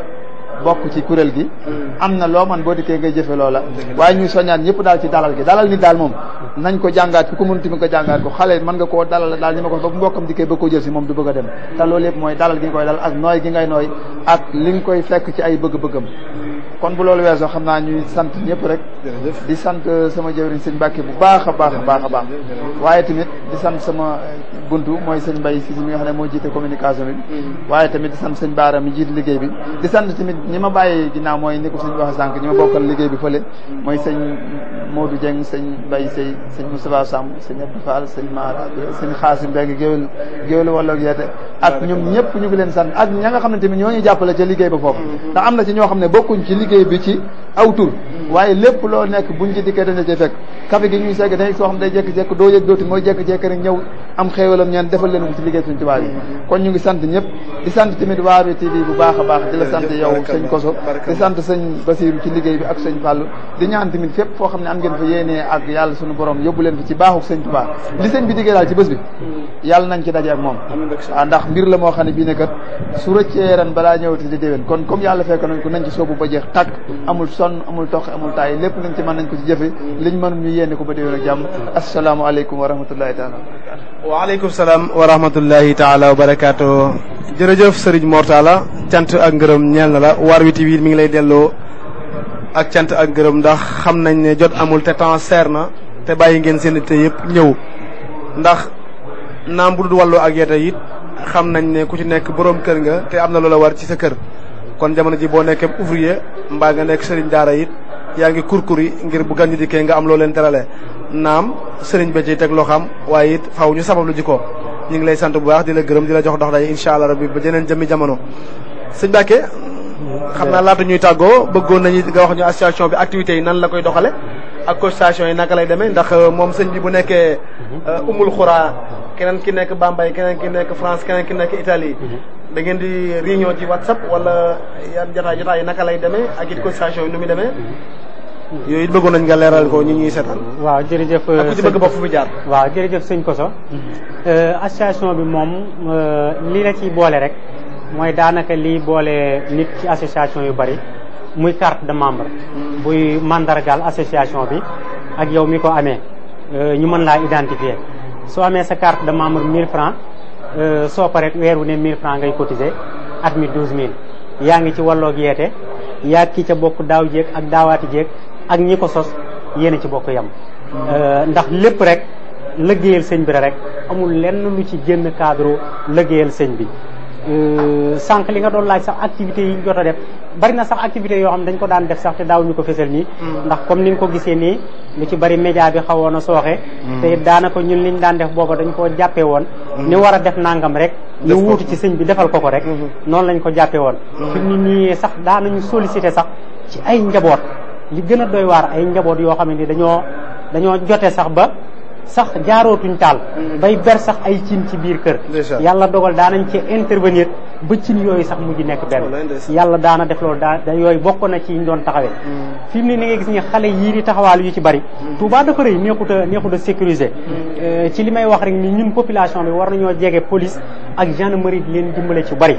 bokk ci kuréel gi mm. am na loo man boo dikkee ngay jëfe loola waaye ñuy soññaat ñëpp daal ci dalal gi dalal nit daal moom nañ ko jàngaat ku ko mënut nga ko jàngaat ko xale mën nga koo dalal daal ñi ma ko ba mbokkam dikkee ba koo jël si moom du bëgg dem te loolu yëpp mooy dalal gi nga koy dal ak nooy gi ngay nooy ak li bëgg-bëggam kon bu loolu soo xam naa ñuy sant ñëpp rek di sant sama jëwriñ sëñ Mbàkke bu baax baax a baax a baax waaye tamit di sant sama eh, buntu mooy sëñ Mbay si mi nga xam ne moo jiite communication bi mm-hmm. waaye tamit di sant sëñ mi jiite liggéey bi mm-hmm. di sant tamit ñi ma bàyyi ginnaaw mooy ni ko sëñ waxe sànq ñi ma bokkal liggéey bi fële mm-hmm. mooy sëñ Modou Dieng sañ Mbay Sey sëñ Moustapha Samb sëñ Abdou Fall sëñ Mara sëñ Xaasim Mbeng géwél géwél wala yeete ak ñoom ñëpp ñu ngi leen sant ak ña nga xam ne tamit ñoo ñu jàppale ca liggéey ba foofu liggéey bi ci aw waaye lépp loo nekk buñ ci dikkee dañ la fekk café gi ñuy segg dañ soo xam day jékki-jékki doo yëg dooti mooy jékki-jékki di sant a baax sant yow sëñ Koso di sant sëñ ci liggéey bi ak sëñ Fàllu di ñaan tamit fépp foo xam ne am ngeen fa yéenee ak yàlla suñu borom yóbbu leen fi ci baaxuk sëñ Tuubaa li sëñ bi diggee daal ci bés bi yàlla nañ ci daje moom waaw ah, ndax mbir la moo xam ne bii ne kat balaa ñëwati di déwén kon comme yàlla fekk nañ ko nañ ci soobu ba jeex tàkk amul lépp lañ ci man nañ ko ci jëfe liñ mën ñu yéene ko ba déwén ak jàmm asalaamaaleykum wa rahmatullahi taala waaleykum salaam wa rahmatullahi taala wa barakaatu jërëjëf sëriñ Mortala cant ak ngërëm ñeel na la waar wi mi ngi lay delloo ak cant ak ngërëm ndax xam nañ ne jot amul te temps seer na te bàyyi ngeen seen te yëpp ñëw ndax naam bu dul ak yeete it xam nañ ne ku ci nekk boroom kër nga te am na loola war ci sa kër kon jamono ji boo nekkee ouvrier mbaa nga nekk sëriñ daara it yaa ngi kurkuri ngir bu gan ñi nga am looleen leen terale naam sëriñ ba ci teg loo xam waaye it faw ñu sabab lu jikko ñu ngi lay sant bu baax di la gërëm di la jox dox day incha allah rabbi ba jeneen jëmmi jamono sëñ Mbacke xam naa laata ñuy tàggoo bëggoon nañu nga wax ñu association bi activité yi nan la koy doxale ak cotisation yi naka lay demee ndax euh, moom sëñ bi bu nekkee umul euh, xuraa keneen ki nekk Bambey keneen ki nekk France keneen ki nekk Italie da ngeen di réunion ci WhatsApp wala yan jotaay jotaay yi naka lay demee ak it yi nu muy demee yooyu bëggoon nañ nga leeral ko ñi ñuy seetaan. waaw jërëjëf ku ci bëgg waaw jërëjëf sëñ Koso. Mm-hmm. Euh, association bi moom euh, lii la ciy boole rek mooy daanaka lii boole nit ci association yu bari muy carte de membre. Mm-hmm. buy mandargaal association bi ak yow mi ko amee euh, ñu mën laa identifier soo amee sa carte de membre mille francs soo paree weer wu ne 1000 francs ngay cotiser at mi 12000 yaa ngi ci walloog yeete yaa ki ca bokk daaw jéeg ak daawaati jéeg. ak ñi ko sos yéen a ci bokk yam euh, ndax lépp rek lëggéeyal sëñ bi rek amul lenn lu ci génn cadre lëggéeyal sëñ bi euh, sànq li nga doon laaj sax activités yi ñu jot a def bari na sax activité yoo xam dañ ko daan def sax daawuñu ko fesal nii mm. ndax comme ni nga ko gisee nii lu ci bari média bi xawoon a sooxee mm. te it daanaka ñun liñ daan def booba dañ koo jàppee woon mm. ni war a def nàngam rek ñu wuutu ci sëñ bi defal ko ko rek mm-hmm. noonu lañ ko jàppee woon fi mu nii sax daanañu sollicité sax ci ay njaboot li gën a doy waar ay njaboot yoo xam ne dañoo dañoo jote sax ba sax jaarootuñ taal mm-hmm. bay ber sax ay cin ci biir kër yàlla dogal daanañ ci intervenir ba cin yooyu sax mujj nekk benn yàlla daana def loolu daa yooyu bokk na ci ñu doon taxawee mm-hmm. fi mu ne ni ngay gis ni xale yii di taxawaal yu ci bari mm-hmm. Touba dafa rëy neexut a neexut a sécuriser eh, ci li may wax rek ni ñun population bi war nañoo jege police ak gendarmerie di leen dimbale ci bari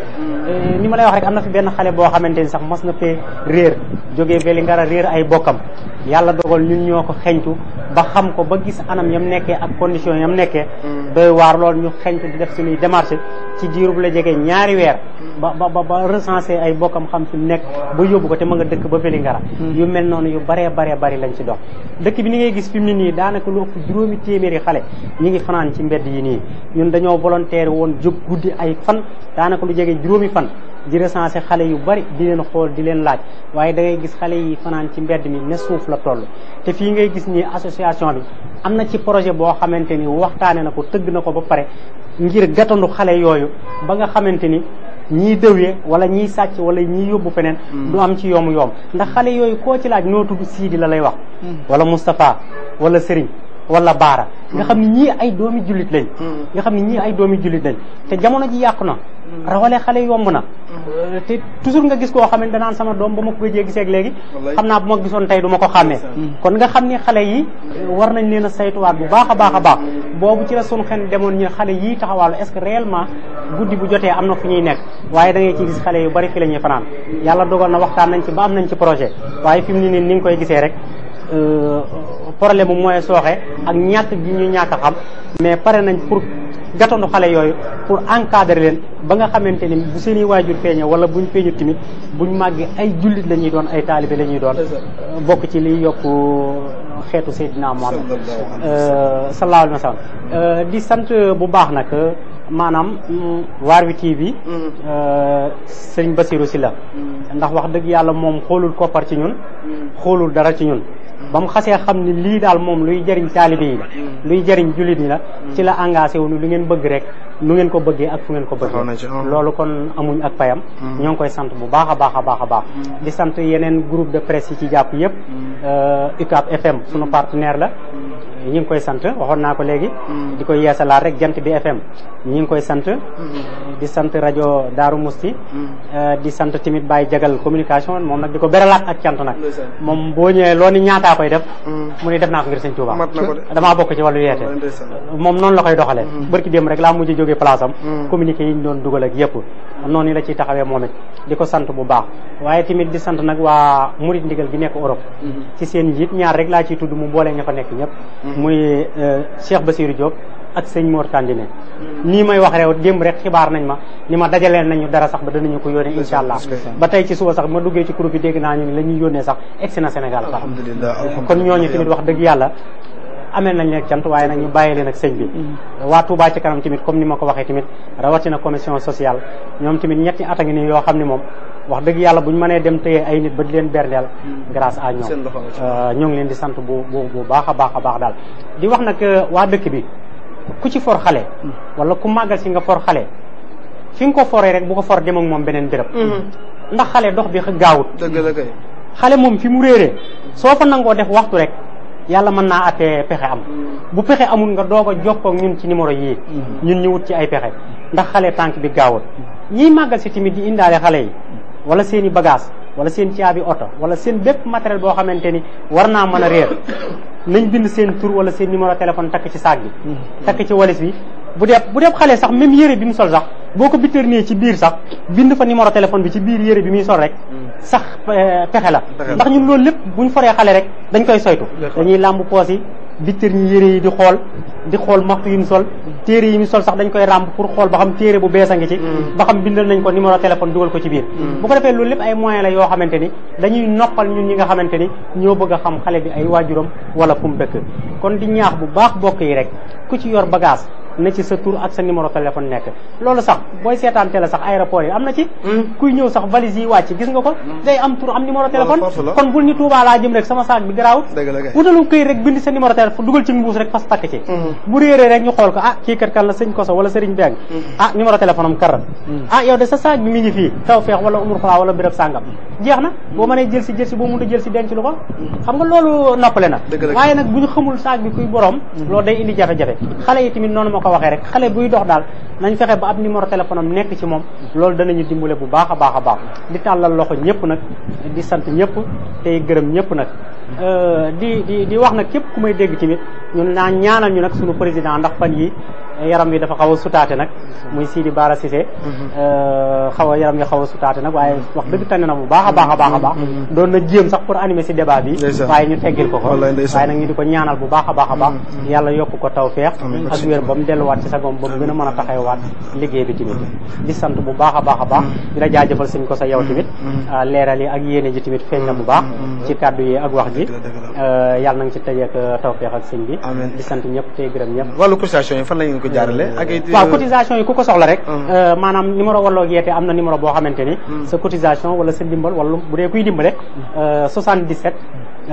Eh, ni ma lay wax rek am na fi benn xale boo xamante ni sax mas na fee réer jógee Vélingara réer ay bokkam yàlla dogal ñun ñoo ko xeñtu ba xam ko ba gis anam yam nekkee ak condition yam nekkee mm. doy waar lool ñu xeñtu di def suñuy démarche ci diirub la jege ñaari weer mm. ba ba ba recensé ay bokkam xam fi mu nekk ba yóbbu ko te man nga dëkk ba Vélingara mm. yu mel noonu yu bare baree bari lañ ci dox dëkk bi ni ngay gis fi mu ne nii daanaka lu ëpp juróomi téeméeri xale ñu ngi fanaan ci mbedd yi nii ñun dañoo volontaire woon jóg guddi ay fan daanaka lu jege juróomi fan di recenser xale yu bari di leen xool di leen laaj waaye da ngay gis xale yi fanaan ci mbedd mi ne suuf la toll te fii ngay gis ni association bi am na ci projet boo xamante ni waxtaane na ko tëgg na ko ba pare ngir gàttandu xale yooyu ba nga xamante ni ñii dëwee wala ñii sàcc wala ñii yóbbu feneen mm. du am ci yoomu yomb ndax xale yooyu koo ci laaj noo tudd di la lay wax mm. wala Moustapha wala sëriñ wala baara nga xam ne hmm. ñii ay doomi jullit lañ hmm. nga xam ne ñii ay doomi jullit lañ te jamono ji yàqu na hmm. rawale xale yomb na euh, te toujours nga gis koo xam ne danaan sama doom ba ma ko gëjee gisee léegi xam naa bu ma gisoon tey du ma ko xàmmee kon nga xam ne xale yi war nañ leen a saytuwaat bu baax a baax a baax boobu ci la sun xel demoon ñu xale yi taxawaalu est-ce que réellement guddi bu jotee am na fu ñuy nekk waaye da ci gis xale yu bari fi la ñuy fanaan yàlla dogal na waxtaan nañ ci ba nañ ci projet waaye fi mu ni nga koy gisee rek euh, problème mu mooy sooxe ak ñàkk gi ñu ñàkk a xam mais pare nañ pour gatandu xale yooyu pour encadrer leen ba nga xamante ni bu seen i waajur feeñee wala buñ feeñu tamit buñ màggee ay jullit lañuy doon ay taalibe la ñuy doon bokk ci liy yokk euh, xeetu Seydina Muhammad sallallahu alayhi wa sallam euh, euh, di sant bu baax nag maanaam mm, Waarwi TV mm. sëñ Basiru si la mm. ndax wax dëgg yàlla moom xoolul koppar ci ñun xoolul dara ci ñun ba mu xasee xam ni lii daal moom luy jariñ taalibe yi la luy jëriñ jullit la ci la engagé wu ni lu ngeen bëgg rek nu ngeen ko bëggee ak fu ngeen ko bëggee ah. loolu kon amuñ ak payam hmm. ñoo ngi koy sant bu baax a baax a baax a baax hmm. di sant yeneen groupe de presse yi ci jàpp yëpp hmm. euh, UCAB FM sunu partenaire la ñi ngi koy sant waxoon naa ko léegi di ko yeesalaat rek jant bi FM ñi ngi koy sant di sant rajo Daaru Musti euh, di sant tamit baay Jagal communication moom nag di ko beralaat ak cant nag moom boo ñëwee loolu ni ñaataa koy def mu ni def naa ko ngir sëñ Tuuba damaa bokk ci wàllu bi place am communiqué yi ñu doon dugal ak yëpp noonu la ciy taxawee moom it di ko sant bu baax waaye tamit di sant nag waa murit ndigal gi nekk Europe mm-hmm. ci seen njiit ñaar rek laa ciy tudd mu boolee ña fa nekk ñëpp mm-hmm. muy euh, Cheikh Bassirou Diop ak sëñ Mor Tandine mm-hmm. nii may wax rew démb rek xibaar nañ ma ni ma dajaleel nañu dara sax ba danañu ko yónnee insha allah ba tey ci suba sax ma duggee ci groupe yi dégg naa ñu ni la ñuy yónnee sax egsi na Sénégal sax amee nañ leen cant waaye nag ñu bàyyi leen ak sëñ bi mm. waa Touba ci kanam tamit comme ni ma ko waxee tamit rawatina commission sociale ñoom tamit ñetti at a ngi nii yoo xam ne moom wax dëgg yàlla bu ñu mënee dem téye ay nit ba di leen berndeel mm. grâce à ñoom ñoo euh, ngi leen di sant bu baax a baax a baax daal di wax nag euh, waa dëkk bi ku ci for xale mm. wala ku màggal si nga for xale fi nga ko foree rek bu ko for dem ak moom beneen béréb mm-hmm. ndax xale dox bi gaawut dëgg la kay xale moom fi mu réeree soo fa yàlla mën naa attee pexe am bu pexe amul nga doog a jokkoo ñun ci numéro yii ñun ñu wut ci ay pexe ndax xale tànk bi gaawut ñiy màggal si tamit di indaale xale yi wala seeni i bagage wala seen caabi oto wala seen bépp matériel boo xamante ni war naa mën a réer nañ bind seen tur wala seen numéro téléphone takk ci saag bi mm-hmm. takk ci walis bi bu dee bu dee xale sax même yére bi mu sol sax boo ko bitërnee ci biir sax bind fa numéro téléphone bi ci biir yére bi muy sol rek hmm. sax eh, pexe la ndax ñun loolu lépp ñu foree xale rek dañ koy soytu dañuy làmb poos yi bitër ñi yére yi di xool di xool maxtu yi mu sol téere yi mu sol sax dañ koy ràmb pour xool ba xam téere bu bees a ngi ci hmm. ba xam bindal nañ ko numéro téléphone dugal ko ci biir hmm. bu ko defee loolu lépp ay moyen la yoo xamante ni dañuy noppal ñun ñi nga xamante ni ñoo bëgg a xam xale bi ay waajuram wala kum dëkk kon di ñaax bu baax bokk yi rek ku ci yor bagage na nekk loolu sax booy seetaan télé sax aéroport yi am na ci hmm. kuy ñëw sax valise yi wàcc gis nga ko hmm. day am tur am numéro téléphone kon bul ñu Touba rek sama saak bi garaawut wutalu këy rek bind sa numéro téléphone dugal ci mbuus rek fas takk ci hmm. bu réeree rek ñu xool ko ah kii kat kan la sëñ koso wala sëriñ beng ah numéro téléphone am karram ah yow de sa saak bi mi ngi fii taw feex wala umur xulaa wala béréb sàngam jeex na boo mënee a jël si denc ko rek xale buy dox daal nañ fexe ba ab numéro téléphone nekk ci moom loolu danañu dimbale bu baax a baax a baax di tàllal loxo ñëpp nag di sant ñëpp tey gërëm ñëpp nag euh, di di wax nag képp ku may dégg tamit ñun naa ñaanal ñu nag suñu président ndax fan yi yaram bi dafa xaw a sutaate nag mm-hmm. muy Sidi Bara Cissé mm-hmm. euh, xaw a yaram bi xaw a sutaate nag waaye wax dëgg tane na bu baax a baax a baax a baax mm-hmm. doon na jéem sax pour animer si débat bi waaye ñu teggil ko ko waaye nag ñu di ko ñaanal bu baax a baax a baax yàlla yokk ko taw ak wér ba mu delluwaat ci sagoom ba mu gën a mën a taxawaat liggéey bi tamit di sant bu baax a baax a baax di la jaajëfal sëñ ko sa ah, ci kàddu yi ak wax euh, bi di sant ñëpp tey gërëm ñëpp ko jaarale euh, waaw cotisation yi ku ko soxla rek euh, maanaam numéro Walloog Yeete am na numéro boo xamante ni sa cotisation wala sa dimbal wala bu dee kuy dimbale 77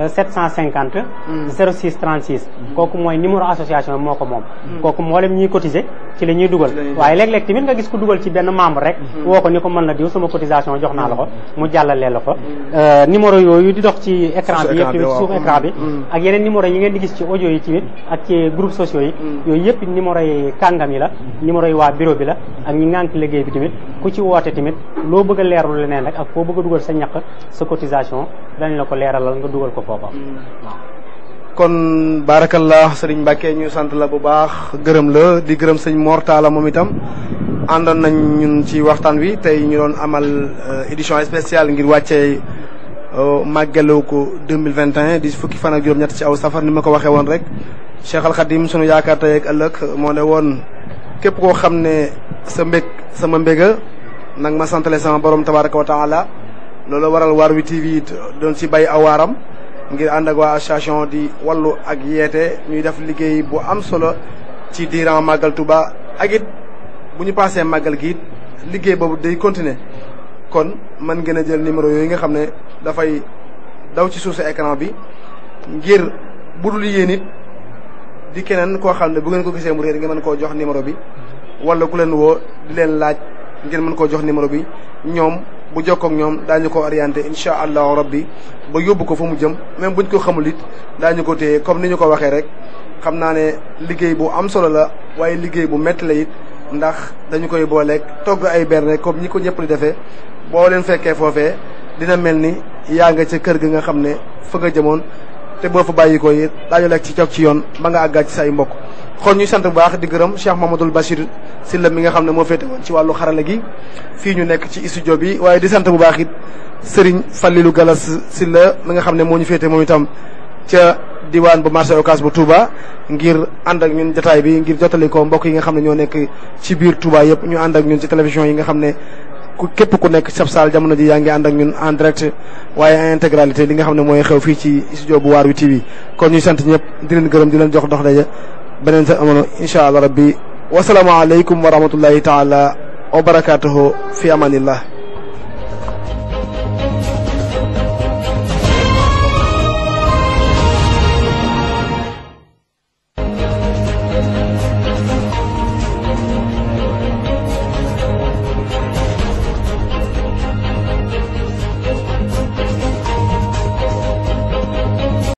750 06 36 kooku mooy numéro association moo ko moom kooku mboolem ñuy cotiser ci la ñuy dugal waaye léeg-léeg tamit nga gis ko dugal ci benn membre rek mm-hmm. woo ko ni ko mën na diw sama cotisation jox naa la ko mm-hmm. mu jàllalee la ko mm-hmm. euh, numéro yooyu di dox ci écran bi bi ak yeneen numéro yi ngeen di gis ci audio yi tamit ak ci groupe sociaux yi yooyu yëpp numéro yi kàngam yi la numéro yi waa bureau bi la ak ñi ngànk liggéey bi tamit ku ci woote tamit loo bëgg a leerul leneen rek ak koo bëgg a dugal sa ñaq sa cotisation dañ la ko leeralal nga dugal ko foofa waaw kon baarakallah sëriñ Mbacke ñu sant la bu baax gërëm la di gërëm sëñ Mortala moom itam àndoon nañ ñun ci waxtaan wi tey ñu doon amal euh, édition spéciale ngir wàccee euh, màggalu ko 2021 di fukki fan ak juróom-ñett ci aw safar ni ma ko waxee woon rek Cheikh Al Khadim sunu yaakaar tey ak ëllëg moo ne woon képp koo xam ne sa mbég sama mbéga nag ma santale sama borom tabaraka wa taala loolu waral waar wi TV doon si bay waaram ngir ànd ak waa association di wallu ak yeete ñuy def liggéey bu am solo ci diiran màggal Tuba ak bu ñu paasee màggal gi liggéey boobu day continuer kon man ngeen a jël numéro yooyu nga xam ne dafay daw ci suuf sa écran bi ngir bu dul yéen it di keneen koo xam ne bu ngeen ko gisee mu réer nga mën koo jox numéro bi wala ku leen woo di leen laaj ngeen mën koo jox numéro bi ñoom bu jokkook ñoom daañu ko orienté incha allahu rabbi ba yóbbu ko fa mu jëm même buñ ko xamul it daañu ko téye comme ni ñu ko waxee rek xam naa ne liggéey bu am solo la waaye liggéey bu métti la ndax dañu koy booleeg togg ay berne comme ñi ko ñëpp di defee boo leen fekkee foofee dina mel ni yaa nga ca kër gi nga xam ne fa nga jëmoon te boo fa bàyyi koy it daañu lekk ci toog ci yoon ba nga àggaat say mbokk kon ñuy sant bu baax di gërëm Cheikh Mamadou Bachir Sylla mi nga xam ne moo féete woon ci wàllu xarala gi fii ñu nekk ci studio bi waaye di sant bu baax it Serigne Fallilou Galas Sylla mi nga xam ne moo ñu féete moom itam ca diwaan bu marché Ocass bu Touba ngir ànd ak ñun jotaay bi ngir jottali mbokk yi nga xam ne ñoo nekk ci biir Touba yëpp ñu ànd ak ñun ci télévision yi nga xam ne ku képp ku nekk sab saal jamono ji yaa ngi ànd ak ñun en direct waaye intégralité li nga xam ne mooy xew fii ci studio bu Waarwi TV kon ñuy sant ñëpp di leen gërëm di leen jox dox daje beneen seen amoon incha allah rabbi wasalaamualeykum wa rahmatullahi taala wa barakaatuhu fi amanillah